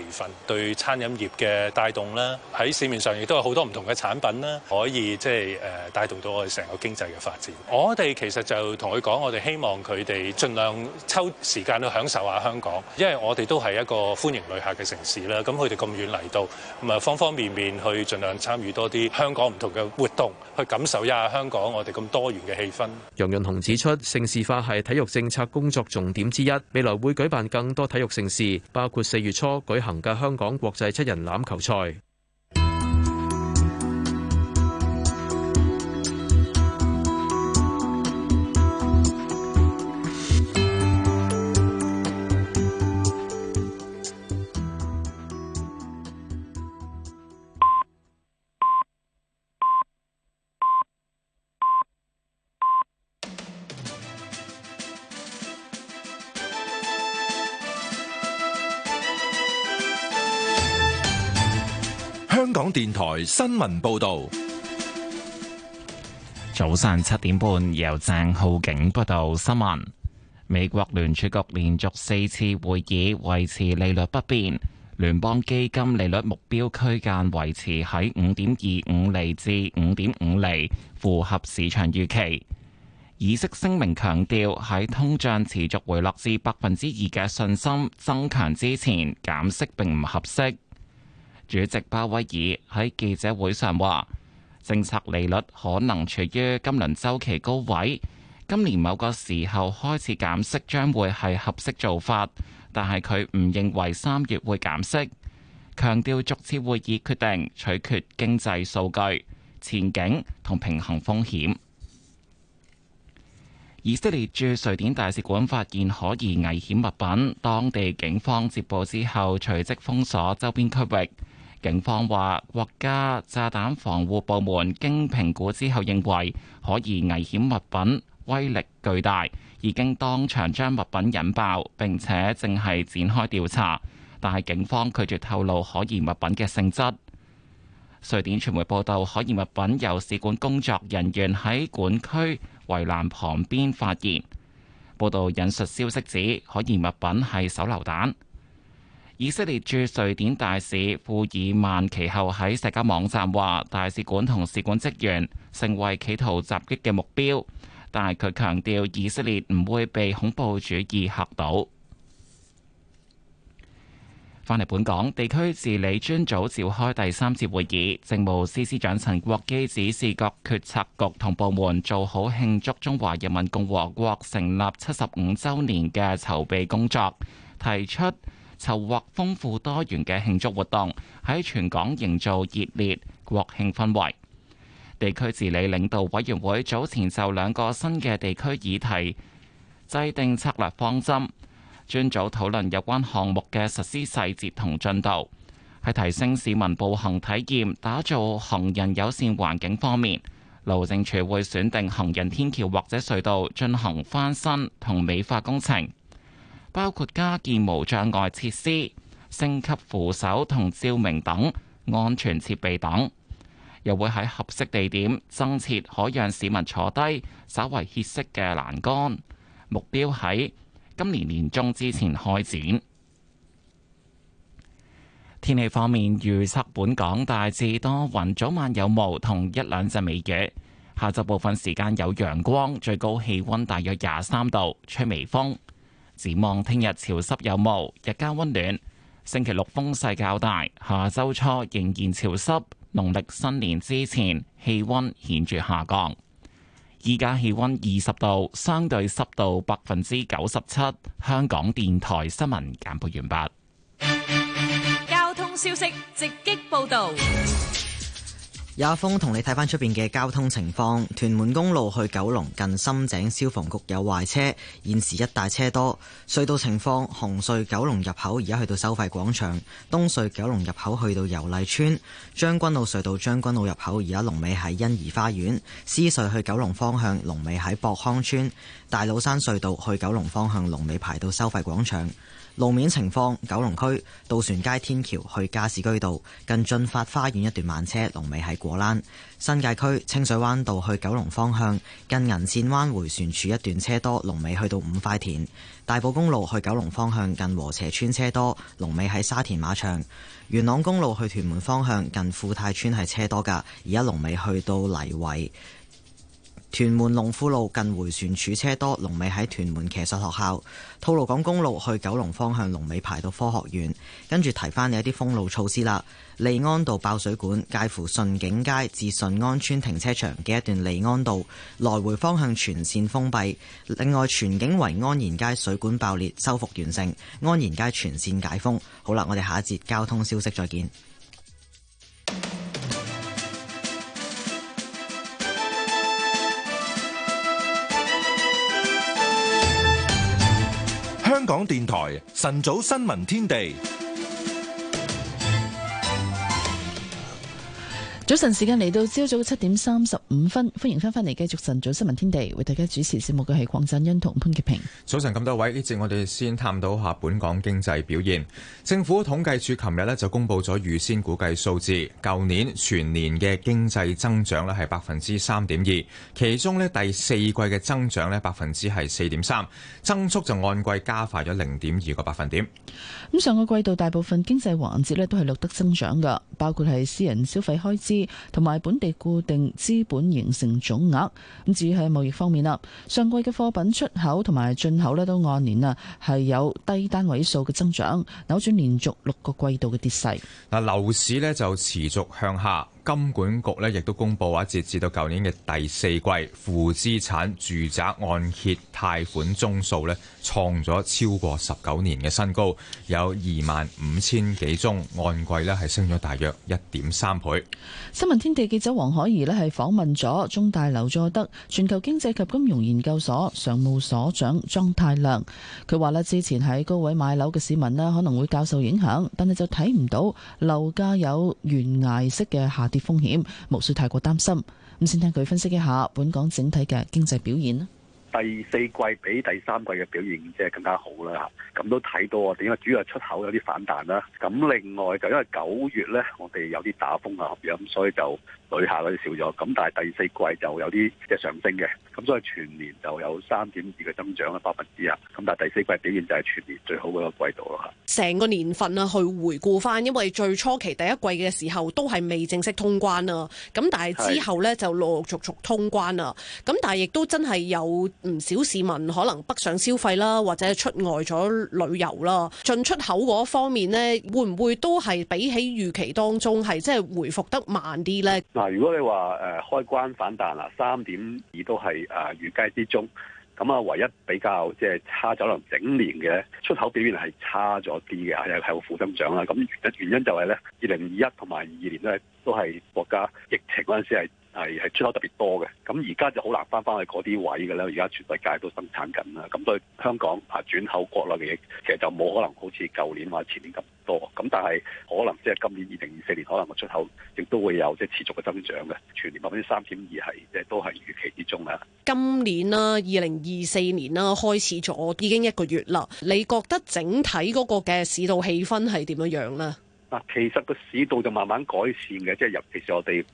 培訓對餐飲業嘅帶動啦，喺市面上亦都有好多唔同嘅產品啦，可以即係誒帶動到我哋成個經濟嘅發展。我哋其實就同佢講，我哋希望佢哋盡量抽時間去享受下香港，因為我哋都係一個歡迎旅客嘅城市啦。咁佢哋咁遠嚟到，咁啊方方面面去盡量參與多啲香港唔同嘅活動，去感受一下香港我哋咁多元嘅氣氛。楊潤雄指出，盛事化係體育政策工作重點之一，未來會舉辦更多體育盛事，包括四月初舉行嘅香港國際七人欖球賽。電台新聞報道：早上七點半，由鄭浩景報道新聞。美國聯儲局連續四次會議維持利率不變，聯邦基金利率目標區間維持喺五點二五厘至五點五厘，符合市場預期。議息聲明強調喺通脹持續回落至百分之二嘅信心增強之前，減息並唔合適。主席鮑威爾喺記者會上話，政策利率可能處於今輪周期高位，今年某個時候開始減息將會係合適做法，但係佢唔認為三月會減息，強調逐次會議決定取決經濟數據前景同平衡風險。以色列駐瑞典大使館發現可疑危險物品，當地警方接報之後隨即封鎖周邊區域。警方話，國家炸彈防護部門經評估之後認為可疑危險物品威力巨大，已經當場將物品引爆，並且正係展開調查。但係警方拒絕透露可疑物品嘅性質。瑞典傳媒報道，可疑物品由使館工作人員喺管區圍欄旁邊發現。報道引述消息指，可疑物品係手榴彈。以色列駐瑞典大使富爾曼其後喺社交網站話，大使館同使館職員成為企圖襲擊嘅目標，但係佢強調以色列唔會被恐怖主義嚇到。翻嚟本港，地區治理專組召開第三次會議，政務司司長陳國基指示各決策局同部門做好慶祝中華人民共和國成立七十五週年嘅籌備工作，提出，籌劃豐富多元嘅慶祝活動，喺全港營造熱烈國慶氛圍。地區治理領導委員會早前就兩個新嘅地區議題制定策略方針，專組討論有關項目嘅實施細節同進度。喺提升市民步行體驗、打造行人友善環境方面，路政署會選定行人天橋或者隧道進行翻新同美化工程。包括加建無障礙設施、升級扶手同照明等安全設備等，又會喺合適地點增設可讓市民坐低、稍為歇息嘅欄杆。目標喺今年年中之前開展。天氣方面，預測本港大致多雲，早晚有霧，同一兩陣微雨。下晝部分時間有陽光，最高氣溫大約廿三度，吹微風。展望聽日潮濕有霧，日間溫暖。星期六風勢較大，下周初仍然潮濕。農曆新年之前，氣溫顯著下降。依家氣溫二十度，相對濕度百分之九十七。香港電台新聞簡報完畢。交通消息直擊報道。阿峰同你睇翻出邊嘅交通情況，屯門公路去九龍近深井消防局有壞車，現時一大車多。隧道情況，紅隧九龍入口而家去到收費廣場，東隧九龍入口去到油麗邨，將軍澳隧道將軍澳入口而家龍尾喺欣怡花園，獅隧去九龍方向龍尾喺博康村，大老山隧道去九龍方向龍尾排到收費廣場。路面情況，九龍區渡船街天橋去加士居道近駿發花園一段慢車，龍尾喺果欄；新界區清水灣道去九龍方向近銀線灣回旋處一段車多，龍尾去到五塊田；大埔公路去九龍方向近禾輋村車多，龍尾喺沙田馬場；元朗公路去屯門方向近富泰村係車多㗎，而家龍尾去到泥圍。屯門龍富路近回旋處車多，龍尾喺屯門騎術學校。吐露港公路去九龍方向龍尾排到科學園，跟住提翻嘅一啲封路措施啦。利安道爆水管，介乎順景街至順安邨停車場嘅一段利安道來回方向全線封閉。另外，荃景圍安賢街水管爆裂，修復完成，安賢街全線解封。好啦，我哋下一節交通消息再見。香港電台晨早新聞天地。早晨時間嚟到，朝早七點三十五分，歡迎翻返嚟繼續晨早新聞天地，為大家主持節目嘅係鄺振英同潘潔平。早晨咁多位，呢次我哋先探討下本港經濟表現。政府統計處琴日咧就公布咗預先估計數字，舊年全年嘅經濟增長咧係百分之三點二，其中咧第四季嘅增長咧百分之係四點三，增速就按季加快咗零點二個百分點。咁上個季度大部分經濟環節咧都係錄得增長噶，包括係私人消費開支。同埋本地固定資本形成總額。咁至於喺貿易方面啦，上季嘅貨品出口同埋進口咧都按年啊係有低單位數嘅增長，扭轉連續六個季度嘅跌勢。嗱，樓市咧就持續向下。金管局咧，亦都公布話，截至到舊年嘅第四季，負資產住宅按揭貸款宗數咧，創咗超過十九年嘅新高，有二萬五千幾宗，按季咧係升咗大約一點三倍。新聞天地記者黃海怡咧，係訪問咗中大劉佐德全球經濟及金融研究所常務所長莊太亮，佢話咧之前喺高位買樓嘅市民咧，可能會較受影響，但係就睇唔到樓價有懸崖式嘅下跌。風險，無需太過擔心。咁先聽佢分析一下本港整體嘅經濟表現。第四季比第三季嘅表現即係更加好啦。咁都睇到啊，點啊主要係出口有啲反彈啦。咁另外就因為九月咧，我哋有啲打風啊咁，所以就。旅客嗰啲少咗，咁但係第四季就有啲嘅上升嘅，咁所以全年就有三點二嘅增長啊，百分之一。咁但係第四季表現就係全年最好嗰個季度咯。成個年份啊，去回顧翻，因為最初期第一季嘅時候都係未正式通關啊，咁但係之後呢，就陸陸續續通關啊，咁但係亦都真係有唔少市民可能北上消費啦，或者出外咗旅遊啦，進出口嗰方面呢，會唔會都係比起預期當中係即係回復得慢啲呢？嗱，如果你話誒、呃、開關反彈啊，三點二都係誒、呃、預計之中，咁啊唯一比較即係差咗嚟整年嘅出口表現係差咗啲嘅，又有負增長啦。咁原因就係咧，二零二一同埋二二年咧都係國家疫情嗰陣時係係係出口特別多嘅，咁而家就好難返返去嗰啲位嘅咧。而家全世界都生產緊啦，咁對香港啊轉口國內嘅，其實就冇可能好似舊年或前年咁多。咁但係可能即係今年二零二四年，可能個出口亦都會有即係持續嘅增長嘅，全年百分之三點二係即係都係預期之中啦。今年啦、啊，二零二四年啦、啊，開始咗已經一個月啦。你覺得整體嗰個嘅市道氣氛係點樣樣咧？嗱，其實個市道就慢慢改善嘅，即係尤其係我哋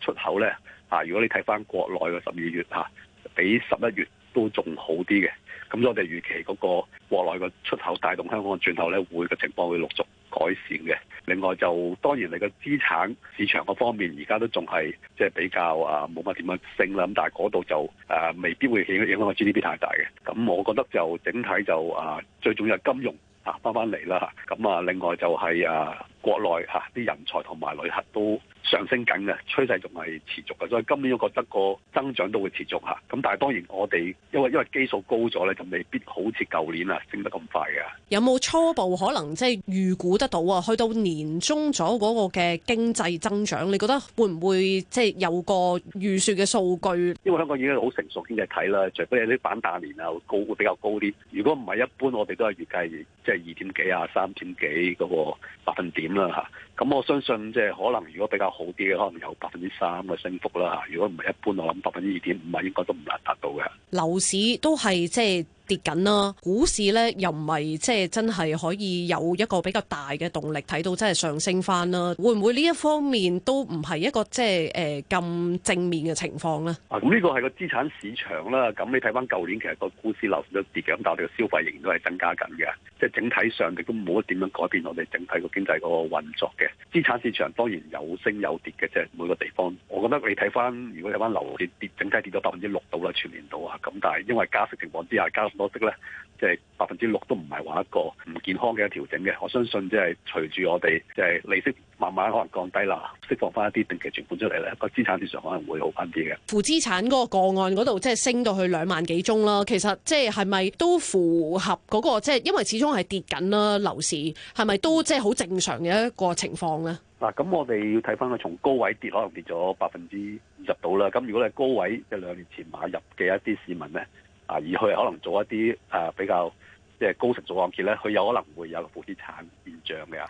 出口咧嚇、啊，如果你睇翻國內嘅十二月嚇、啊，比十一月都仲好啲嘅，咁我哋預期嗰個國內嘅出口帶動香港嘅轉頭咧，會嘅情況會陸續改善嘅。另外就當然你個資產市場個方面，而家都仲係即係比較啊冇乜點樣升啦，咁但係嗰度就誒、啊、未必會影響影響個 GDP 太大嘅。咁我覺得就整體就啊，最重要係金融嚇翻翻嚟啦咁啊，另外就係、是、啊國內嚇啲、啊、人才同埋旅客都。上升緊嘅趨勢仲係持續嘅，所以今年我覺得個增長都會持續嚇。咁但係當然我哋因為因為基數高咗咧，就未必好似舊年啊升得咁快㗎。有冇初步可能即係預估得到啊？去到年中咗嗰個嘅經濟增長，你覺得會唔會即係有個預算嘅數據？因為香港已經好成熟經濟體啦，除非有啲反彈年啊，會高會比較高啲。如果唔係一般，我哋都係預計即係二點幾啊、三點幾嗰個百分點啦嚇。咁我相信即係可能，如果比較好啲嘅，可能有百分之三嘅升幅啦吓，如果唔係一般，我諗百分之二點五啊，應該都唔難達到嘅。樓市都係即係。就是跌緊啦，股市咧又唔係即係真係可以有一個比較大嘅動力睇到真係上升翻啦。會唔會呢一方面都唔係一個即係誒咁正面嘅情況咧？啊，咁、這、呢個係個資產市場啦。咁你睇翻舊年其實個股市樓市都跌緊，但我哋消費仍然都係增加緊嘅，即係整體上亦都冇得點樣改變我哋整體個經濟個運作嘅。資產市場當然有升有跌嘅，即係每個地方。我覺得你睇翻如果有翻樓市跌，整體跌咗百分之六度啦，全年度啊，咁但係因為加息情況之下加。嗰息咧，即係百分之六都唔係話一個唔健康嘅調整嘅。我相信即係隨住我哋即係利息慢慢可能降低啦，釋放翻一啲定期存款出嚟咧，個資產市場可能會好翻啲嘅。負資產嗰個個案嗰度即係升到去兩萬幾宗啦。其實即係係咪都符合嗰個即係因為始終係跌緊啦，樓市係咪都即係好正常嘅一個情況咧？嗱，咁我哋要睇翻佢從高位跌，可能跌咗百分之五十到啦。咁如果你係高位一兩年前買入嘅一啲市民咧？啊！而佢可能做一啲誒、呃、比較即係高成熟高成數按揭咧，佢有可能會有個負資產現象嘅。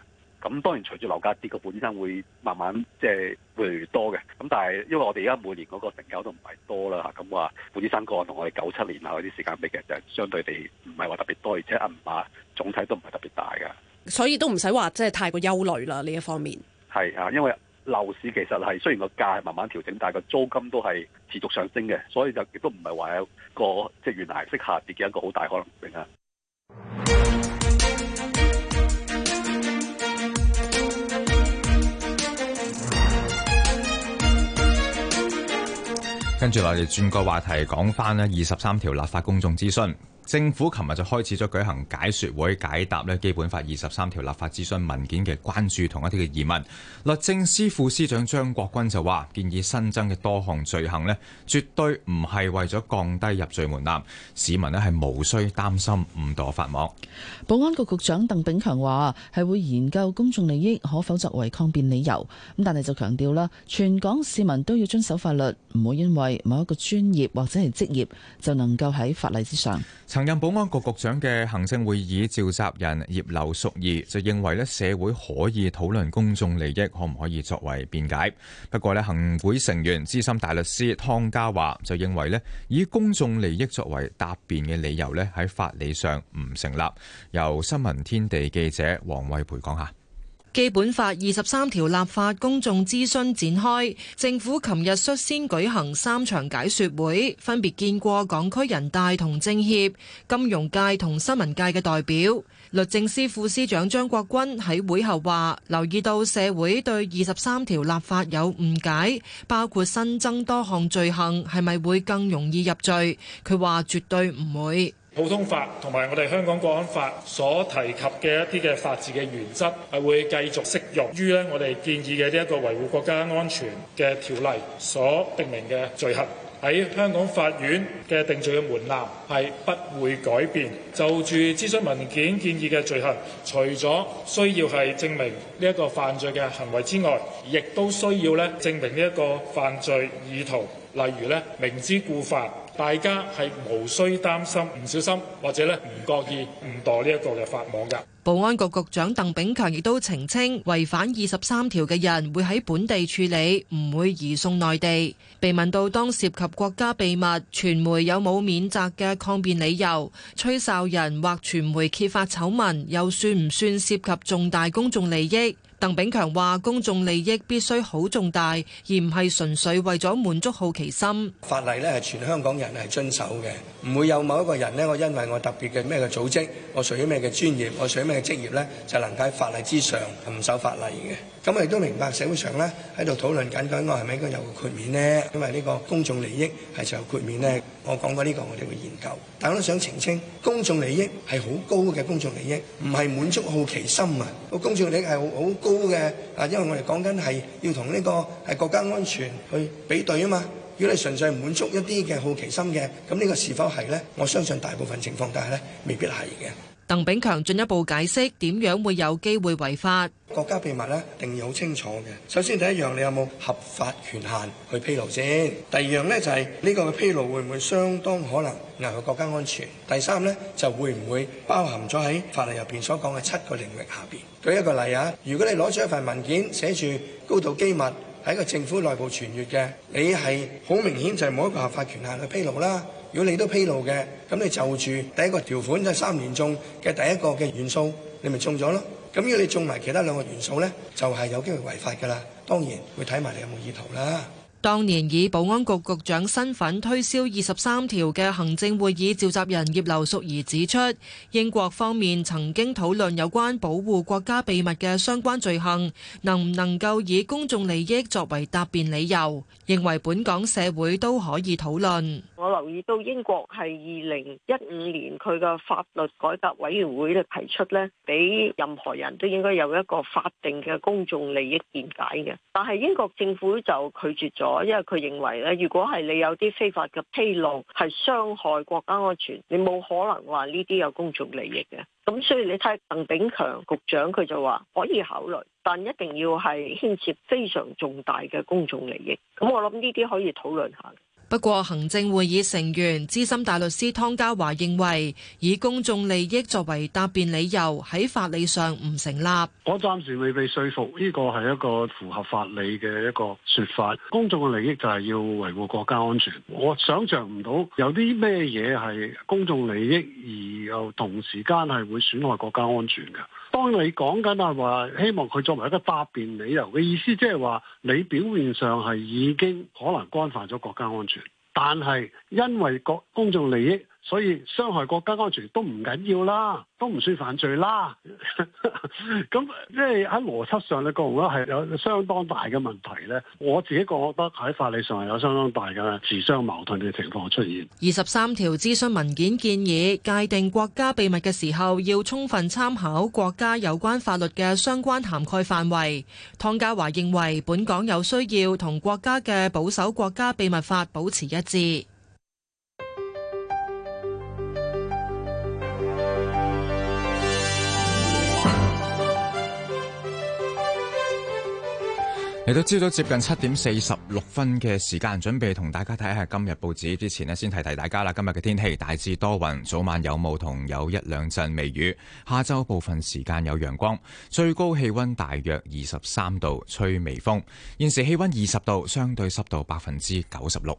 咁、嗯、當然隨住樓價跌，個負資產會慢慢即係會越嚟越多嘅。咁、嗯、但係因為我哋而家每年嗰個成交都唔係多啦嚇，咁話負資產個案同我哋九七年後嗰啲時間比嘅就是、相對地唔係話特別多，而且銀碼總體都唔係特別大嘅，所以都唔使話即係太過憂慮啦，呢一方面係啊，因為。樓市其實係雖然個價係慢慢調整，但係個租金都係持續上升嘅，所以就亦都唔係話有個即係懸崖式下跌嘅一個好大可能嚟嘅。跟住落嚟轉個話題，講翻呢二十三條立法公眾諮詢。政府琴日就開始咗舉行解説會，解答咧《基本法》二十三條立法諮詢文件嘅關注同一啲嘅疑問。律政司副司長張國鈞就話：建議新增嘅多項罪行咧，絕對唔係為咗降低入罪門檻，市民咧係無需擔心誤墮法網。保安局局長鄧炳強話：係會研究公眾利益可否作為抗辯理由，咁但係就強調啦，全港市民都要遵守法律，唔會因為某一個專業或者係職業，就能夠喺法例之上。曾任保安局局長嘅行政會議召集人葉劉淑儀就認為咧，社會可以討論公眾利益可唔可以作為辯解。不過咧，行會成員資深大律師湯家驊就認為咧，以公眾利益作為答辯嘅理由咧，喺法理上唔成立。由新聞天地記者黃惠培講下。《基本法》二十三條立法公眾諮詢展開，政府琴日率先舉行三場解說會，分別見過港區人大同政協、金融界同新聞界嘅代表。律政司副司長張國鈞喺會後話：留意到社會對二十三條立法有誤解，包括新增多項罪行，係咪會更容易入罪？佢話絕對唔會。普通法同埋我哋香港國安法所提及嘅一啲嘅法治嘅原則係會繼續適用於咧我哋建議嘅呢一個維護國家安全嘅條例所定明嘅罪行，喺香港法院嘅定罪嘅門檻係不會改變，就住諮詢文件建議嘅罪行，除咗需要係證明呢一個犯罪嘅行為之外，亦都需要咧證明呢一個犯罪意圖，例如咧明知故犯。大家係無需擔心，唔小心或者咧唔覺意誤墮呢一個嘅法網㗎。保安局局長鄧炳強亦都澄清，違反二十三條嘅人會喺本地處理，唔會移送內地。被問到當涉及國家秘密，傳媒有冇免責嘅抗辯理由？吹哨人或傳媒揭發醜聞又算唔算涉及重大公眾利益？鄧炳強話：公眾利益必須好重大，而唔係純粹為咗滿足好奇心。法例咧係全香港人係遵守嘅，唔會有某一個人呢。我因為我特別嘅咩嘅組織，我屬於咩嘅專業，我屬於咩嘅職業咧，就能喺法例之上，唔守法例嘅。咁我哋都明白社會上咧喺度討論緊嗰個係咪應該有個豁免咧？因為呢個公眾利益係就有豁免咧。我講過呢個我哋會研究，但我都想澄清，公眾利益係好高嘅，公眾利益唔係滿足好奇心啊！個公眾利益係好高嘅啊，因為我哋講緊係要同呢個係國家安全去比對啊嘛。如果你純粹滿足一啲嘅好奇心嘅，咁呢個是否係咧？我相信大部分情況底下咧，未必係嘅。鄧炳強進一步解釋點樣會有機會違法？國家秘密呢定義好清楚嘅，首先第一樣你有冇合法權限去披露先，第二樣呢，就係呢個嘅披露會唔會相當可能危害國家安全？第三呢，就會唔會包含咗喺法律入邊所講嘅七個領域下邊？舉一個例啊，如果你攞咗一份文件寫住高度機密喺個政府內部傳閱嘅，你係好明顯就係冇一個合法權限去披露啦。如果你都披露嘅，咁你就住第一個條款，就係三年中嘅第一個嘅元素，你咪中咗咯。咁如果你中埋其他兩個元素咧，就係有機會違法噶啦。當然會睇埋你有冇意圖啦。當年，以保安局局長身份推銷二十三條嘅行政會議召集人葉劉淑儀指出，英國方面曾經討論有關保護國家秘密嘅相關罪行，能唔能夠以公眾利益作為答辯理由，認為本港社會都可以討論。我留意到，英國係二零一五年佢嘅法律改革委員會咧提出，俾任何人都應該有一個法定嘅公眾利益見解嘅。但係英國政府就拒絕咗。因為佢認為咧，如果係你有啲非法嘅披露，係傷害國家安全，你冇可能話呢啲有公眾利益嘅。咁所以你睇鄧炳強局長，佢就話可以考慮，但一定要係牽涉非常重大嘅公眾利益。咁我諗呢啲可以討論下。不過，行政會議成員資深大律師湯家華認為，以公眾利益作為答辯理理由喺法理上唔成立。我暫時未被說服，呢個係一個符合法理嘅一個說法。公眾嘅利益就係要維護國家安全。我想象唔到有啲咩嘢係公眾利益，而又同時間係會損害國家安全嘅。當你講緊啊，話希望佢作為一個答辯理由嘅意思，即係話你表面上係已經可能干犯咗國家安全，但係因為個公眾利益。所以傷害國家安全都唔緊要啦，都唔算犯罪啦。咁 即係喺邏輯上咧，我覺得係有相當大嘅問題咧。我自己覺得喺法理上係有相當大嘅自相矛盾嘅情況出現。二十三條諮詢文件建議界定國家秘密嘅時候，要充分參考國家有關法律嘅相關涵蓋範圍。湯家驊認為本港有需要同國家嘅保守國家秘密法保持一致。嚟到朝早接近七點四十六分嘅時間，準備同大家睇下今日報紙之前咧，先提提大家啦。今日嘅天氣大致多雲，早晚有霧同有一兩陣微雨，下晝部分時間有陽光，最高氣溫大約二十三度，吹微風。現時氣溫二十度，相對濕度百分之九十六。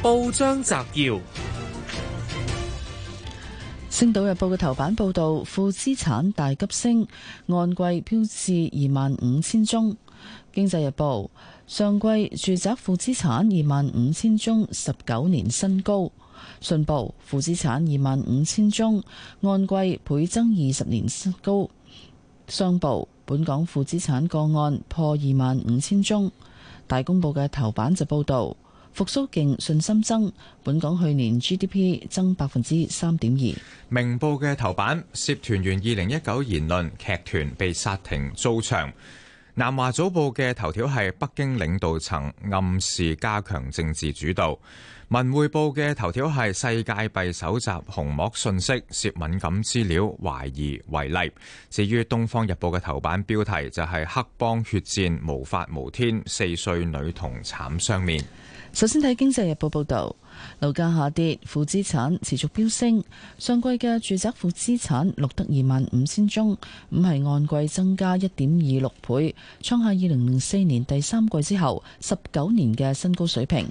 報章摘要。星島日報嘅頭版報道，負資產大急升，按季飆至二萬五千宗。經濟日報上季住宅負資產二萬五千宗，十九年新高。信報負資產二萬五千宗，按季倍增二十年新高。商報本港負資產個案破二萬五千宗。大公報嘅頭版就報道。復蘇勁，信心增。本港去年 GDP 增百分之三點二。明報嘅頭版涉團員二零一九言論，劇團被殺停租場。南華早報嘅頭條係北京領導層暗示加強政治主導。文匯報嘅頭條係世界幣搜集虹膜信息涉敏感資料，懷疑違例。至於東方日報嘅頭版標題就係、是、黑幫血戰無法無天，四歲女童慘相面。首先睇《經濟日報》報道，樓價下跌，負資產持續飆升。上季嘅住宅負資產錄得二萬五千宗，唔係按季增加一點二六倍，創下二零零四年第三季之後十九年嘅新高水平。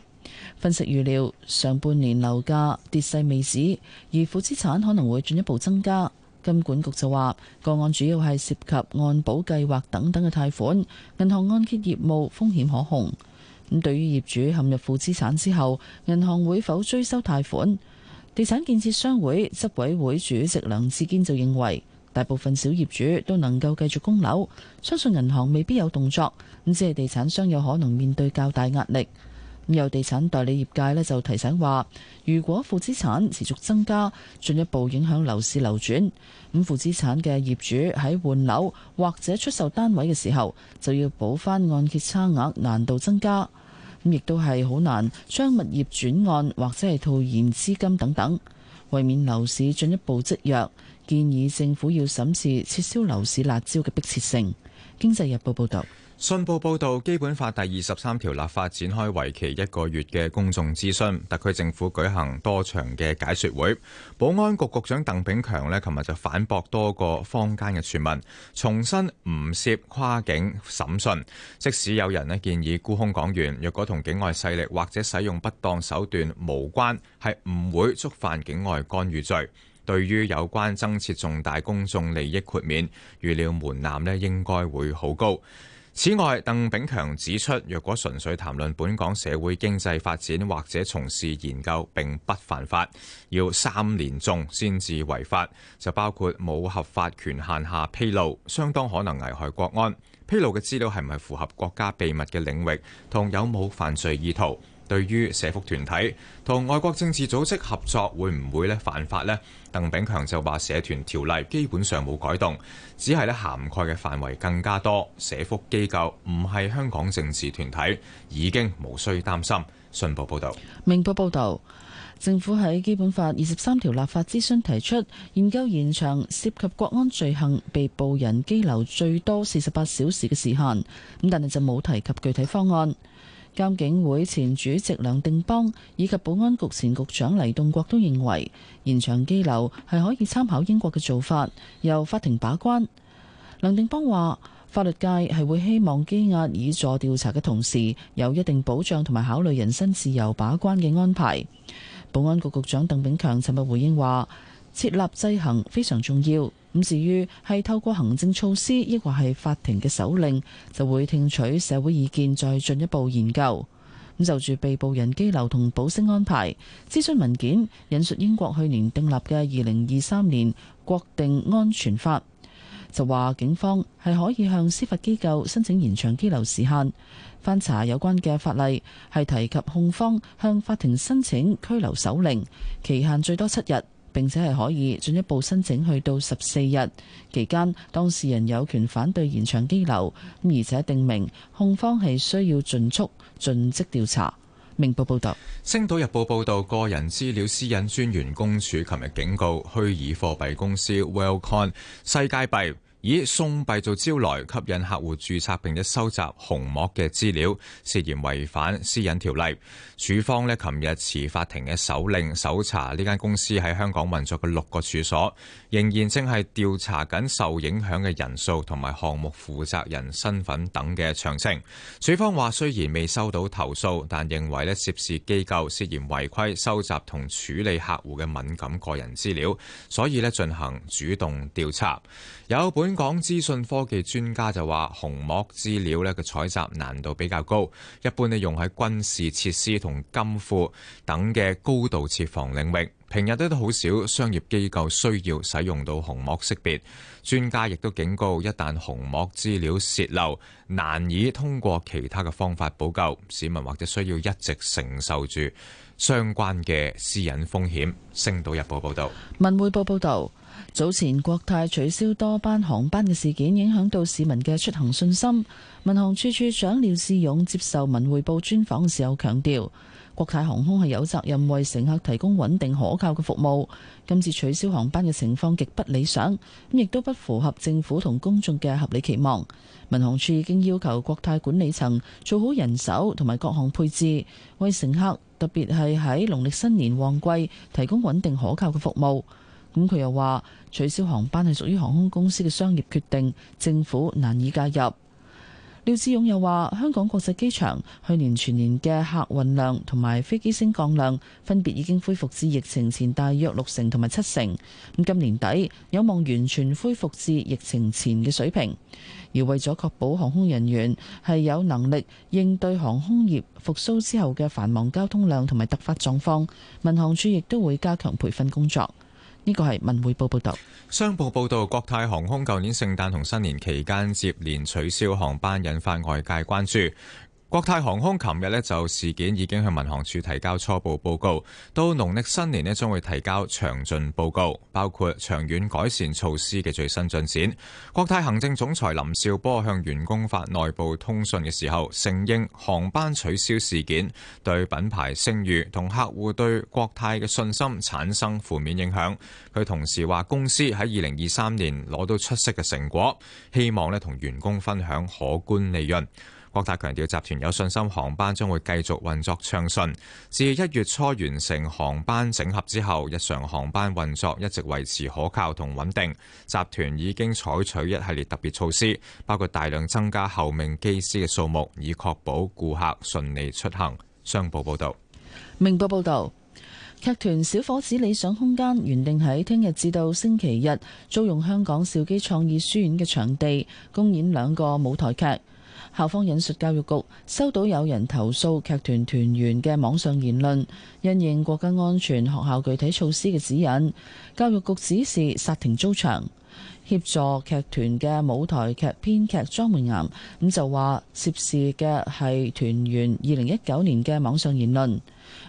分析預料，上半年樓價跌勢未止，而負資產可能會進一步增加。金管局就話，個案主要係涉及按保計劃等等嘅貸款，銀行按揭業務風險可控。咁，對於業主陷入負資產之後，銀行會否追收貸款？地產建設商會執委會主席梁志堅就認為，大部分小業主都能夠繼續供樓，相信銀行未必有動作。咁即係地產商有可能面對較大壓力。咁有地產代理業界呢就提醒話，如果負資產持續增加，進一步影響樓市流轉。咁負資產嘅業主喺換樓或者出售單位嘅時候，就要補返按揭差額，難度增加。亦都係好難將物業轉按或者係套現資金等等，為免樓市進一步積弱，建議政府要審視撤銷樓市辣招嘅迫切性。經濟日報報導。信報報道，《基本法》第二十三條立法展開，為期一個月嘅公眾諮詢。特區政府舉行多場嘅解説會。保安局局長鄧炳強呢琴日就反駁多個坊間嘅傳聞，重申唔涉跨境審訊。即使有人咧建議沽空港元，若果同境外勢力或者使用不當手段無關，係唔會觸犯境外干預罪。對於有關增設重大公眾利益豁免預料門檻咧，應該會好高。此外，鄧炳強指出，若果純粹談論本港社會經濟發展，或者從事研究並不犯法，要三年中先至違法，就包括冇合法權限下披露，相當可能危害國安。披露嘅資料係唔係符合國家秘密嘅領域，同有冇犯罪意圖？對於社福團體同外國政治組織合作會唔會咧犯法呢？鄧炳強就話：社團條例基本上冇改動，只係咧涵蓋嘅範圍更加多。社福機構唔係香港政治團體，已經無需擔心。信報報道，明報報道：政府喺基本法二十三條立法諮詢提出研究延長涉及國安罪行被捕人拘留最多四十八小時嘅時限，咁但係就冇提及具體方案。監警會前主席梁定邦以及保安局前局長黎棟國都認為，延長羈留係可以參考英國嘅做法，由法庭把關。梁定邦話：法律界係會希望羈押以助調查嘅同時，有一定保障同埋考慮人身自由把關嘅安排。保安局局長鄧炳強尋日回應話：設立制衡非常重要。咁至於係透過行政措施，抑或係法庭嘅手令，就會聽取社會意見再進一步研究。咁就住被捕人拘留同保釋安排諮詢文件，引述英國去年訂立嘅二零二三年國定安全法，就話警方係可以向司法機構申請延長拘留時限。翻查有關嘅法例係提及控方向法庭申請拘留手令，期限最多七日。並且係可以進一步申請去到十四日，期間，當事人有權反對延長羈留，而且定明控方係需要盡速盡職調查。明報報導，《星島日報》報導，個人資料私隱專員公署琴日警告虛擬貨幣公司 Worldcoin 世界幣。以送幣做招徠，吸引客戶註冊，並且收集虹膜嘅資料，涉嫌違反私隱條例。署方呢琴日持法庭嘅搜令，搜查呢間公司喺香港運作嘅六個處所，仍然正係調查緊受影響嘅人數同埋項目負責人身份等嘅詳情。署方話，雖然未收到投訴，但認為呢涉事機構涉嫌違規收集同處理客戶嘅敏感個人資料，所以呢進行主動調查。有本港資訊科技專家就話：虹膜資料咧嘅採集難度比較高，一般咧用喺軍事設施同金庫等嘅高度設防領域。平日都都好少商業機構需要使用到虹膜識別。專家亦都警告，一旦虹膜資料洩漏，難以通過其他嘅方法補救。市民或者需要一直承受住相關嘅私隱風險。星島日報報道。文匯報報導。早前國泰取消多班航班嘅事件，影響到市民嘅出行信心。民航處處長廖志勇接受文匯報專訪嘅時候強調，國泰航空係有責任為乘客提供穩定可靠嘅服務。今次取消航班嘅情況極不理想，咁亦都不符合政府同公眾嘅合理期望。民航處已經要求國泰管理層做好人手同埋各項配置，為乘客特別係喺農曆新年旺季提供穩定可靠嘅服務。咁佢又話取消航班係屬於航空公司嘅商業決定，政府難以介入。廖志勇又話香港國際機場去年全年嘅客運量同埋飛機升降量分別已經恢復至疫情前大約六成同埋七成。咁今年底有望完全恢復至疫情前嘅水平。而為咗確保航空人員係有能力應對航空業復蘇之後嘅繁忙交通量同埋突發狀況，民航處亦都會加強培訓工作。呢個係文匯報報導，商報報導，國泰航空舊年聖誕同新年期間接連取消航班，引發外界關注。國泰航空琴日咧，就事件已經向民航處提交初步報告，到農曆新年咧，將會提交詳盡報告，包括長遠改善措施嘅最新進展。國泰行政總裁林紹波向員工發內部通訊嘅時候，承認航班取消事件對品牌聲譽同客戶對國泰嘅信心產生負面影響。佢同時話公司喺二零二三年攞到出色嘅成果，希望咧同員工分享可觀利潤。郭大強調，集團有信心航班將會繼續運作暢順。自一月初完成航班整合之後，日常航班運作一直維持可靠同穩定。集團已經採取一系列特別措施，包括大量增加候命機師嘅數目，以確保顧客順利出行。商報報道，明報報道，劇團《小伙子理想空間》原定喺聽日至到星期日租用香港兆基創意書院嘅場地公演兩個舞台劇。校方引述教育局收到有人投訴劇團團員嘅網上言論，因應國家安全學校具體措施嘅指引，教育局指示煞停租場，協助劇團嘅舞台劇編劇莊梅岩咁就話涉事嘅係團員二零一九年嘅網上言論，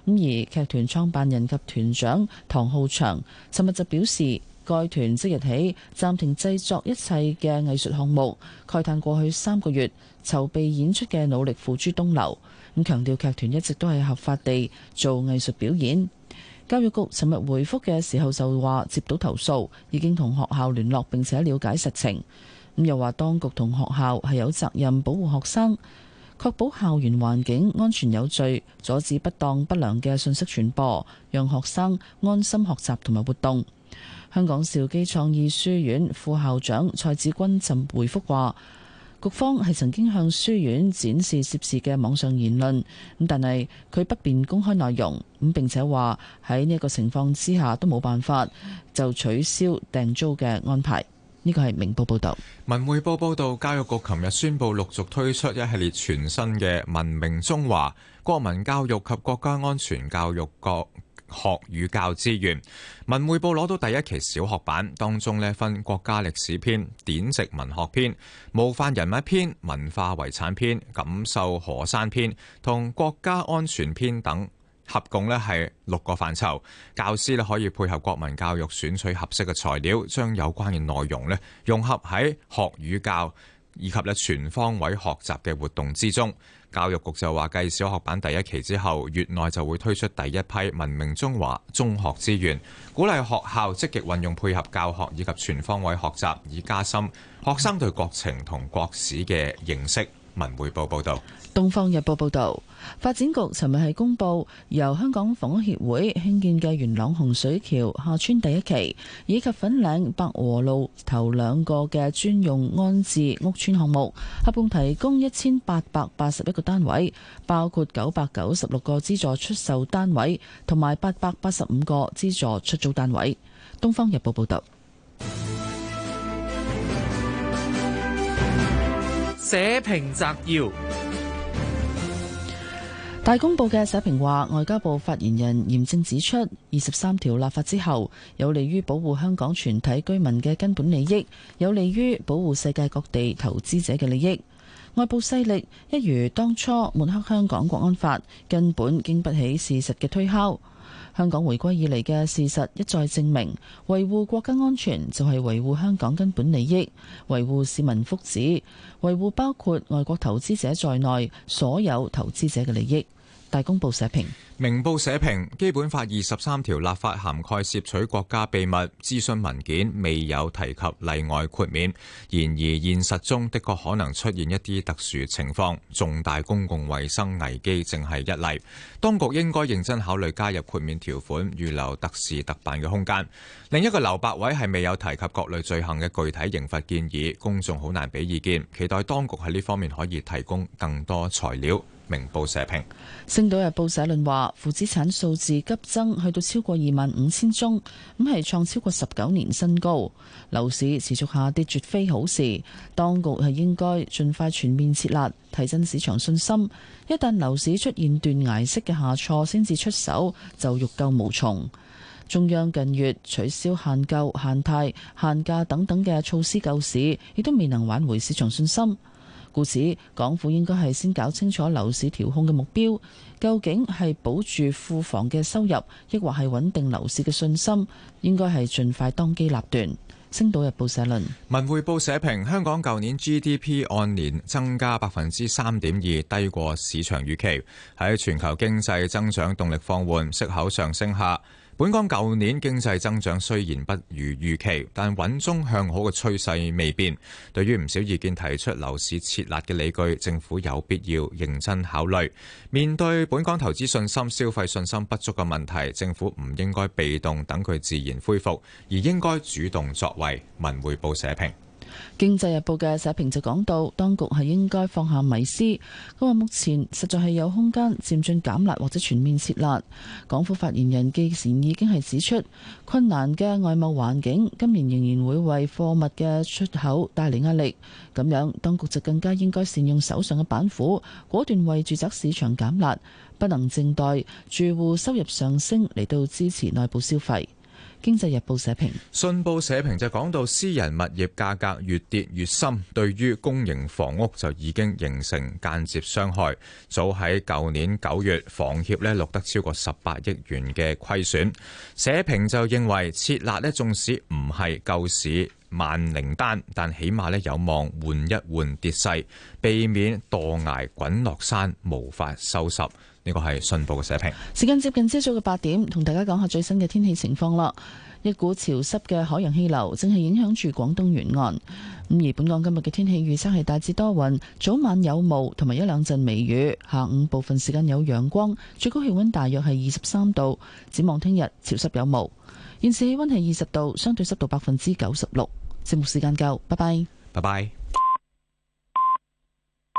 咁而劇團創辦人及團長唐浩祥尋日就表示。該團即日起暫停製作一切嘅藝術項目，慨嘆過去三個月籌備演出嘅努力付諸東流。咁強調劇團一直都係合法地做藝術表演。教育局尋日回覆嘅時候就話接到投訴，已經同學校聯絡，並且了解實情。咁又話當局同學校係有責任保護學生，確保校園環境安全有序，阻止不當不良嘅信息傳播，讓學生安心學習同埋活動。香港兆基創意書院副校長蔡志君就回覆話：局方係曾經向書院展示涉事嘅網上言論，咁但係佢不便公開內容，咁並且話喺呢一個情況之下都冇辦法就取消訂租嘅安排。呢個係明報報道。文匯報報道：教育局琴日宣布陸續推出一系列全新嘅文明中華、國民教育及國家安全教育局。學與教資源文匯報攞到第一期小學版，當中咧分國家歷史篇、典籍文學篇、模範人物篇、文化遺產篇、感受河山篇同國家安全篇等，合共咧係六個範疇。教師咧可以配合國民教育選取合適嘅材料，將有關嘅內容咧融合喺學與教以及咧全方位學習嘅活動之中。教育局就話，繼小學版第一期之後，月內就會推出第一批《文明中華》中學資源，鼓勵學校積極運用配合教學以及全方位學習，以加深學生對國情同國史嘅認識。文匯報報道。《東方日報》報道，發展局尋日係公布，由香港房屋協會興建嘅元朗洪水橋下村第一期以及粉嶺百和路頭兩個嘅專用安置屋村項目，合共提供一千八百八十一個單位，包括九百九十六個資助出售單位同埋八百八十五個資助出租單位。單位《東方日報》報導報道。社評摘要。大公報嘅社評話，外交部發言人嚴正指出，二十三條立法之後，有利於保護香港全體居民嘅根本利益，有利於保護世界各地投資者嘅利益。外部勢力一如當初抹黑香港國安法，根本經不起事實嘅推敲。香港回歸以來嘅事實一再證明，維護國家安全就係維護香港根本利益，維護市民福祉，維護包括外國投資者在內所有投資者嘅利益。大公報社評，明報社評，《基本法》二十三條立法涵蓋竊取國家秘密、諮詢文件，未有提及例外豁免。然而，現實中的確可能出現一啲特殊情況，重大公共衛生危機正係一例。當局應該認真考慮加入豁免條款，預留特事特辦嘅空間。另一個劉百偉係未有提及各類罪行嘅具體刑罰建議，公眾好難俾意見，期待當局喺呢方面可以提供更多材料。明報社評，《星島日報》社論話：負資產數字急增，去到超過二萬五千宗，咁係創超過十九年新高。樓市持續下跌，絕非好事。當局係應該盡快全面設立，提振市場信心。一旦樓市出現斷崖式嘅下挫，先至出手就欲救無從。中央近月取消限購、限貸、限價等等嘅措施救市，亦都未能挽回市場信心。故此，港府應該，係先搞清楚樓市調控嘅目標究竟係保住庫房嘅收入，抑或係穩定樓市嘅信心，應該，係盡快當機立斷。星島日報社論。文匯報社評，香港舊年 GDP 按年增加百分之三點二，低過市場預期。喺全球經濟增長動力放緩，息口上升下。本港舊年經濟增長雖然不如預期，但穩中向好嘅趨勢未變。對於唔少意見提出樓市設立嘅理據，政府有必要認真考慮。面對本港投資信心、消費信心不足嘅問題，政府唔應該被動等佢自然恢復，而應該主動作為。文匯報社評。《經濟日報》嘅社評就講到，當局係應該放下迷思，佢話目前實在係有空間漸進減辣或者全面撤辣。港府發言人既然已經係指出，困難嘅外貿環境今年仍然會為貨物嘅出口帶嚟壓力，咁樣當局就更加應該善用手上嘅板斧，果斷為住宅市場減辣，不能靜待住戶收入上升嚟到支持內部消費。《經濟日報》社評，信報社評就講到私人物業價格越跌越深，對於公營房屋就已經形成間接傷害。早喺舊年九月，房協咧錄得超過十八億元嘅虧損。社評就認為設立咧縱使唔係救市萬靈丹，但起碼咧有望緩一緩跌勢，避免墮崖滾落山，無法收拾。呢個係信報嘅社評。時間接近朝早嘅八點，同大家講下最新嘅天氣情況啦。一股潮濕嘅海洋氣流正係影響住廣東沿岸。咁而本港今日嘅天氣預測係大致多雲，早晚有霧同埋一兩陣微雨，下午部分時間有陽光，最高氣溫大約係二十三度。展望聽日潮濕有霧。現時氣溫係二十度，相對濕度百分之九十六。節目時間夠，拜拜，拜拜。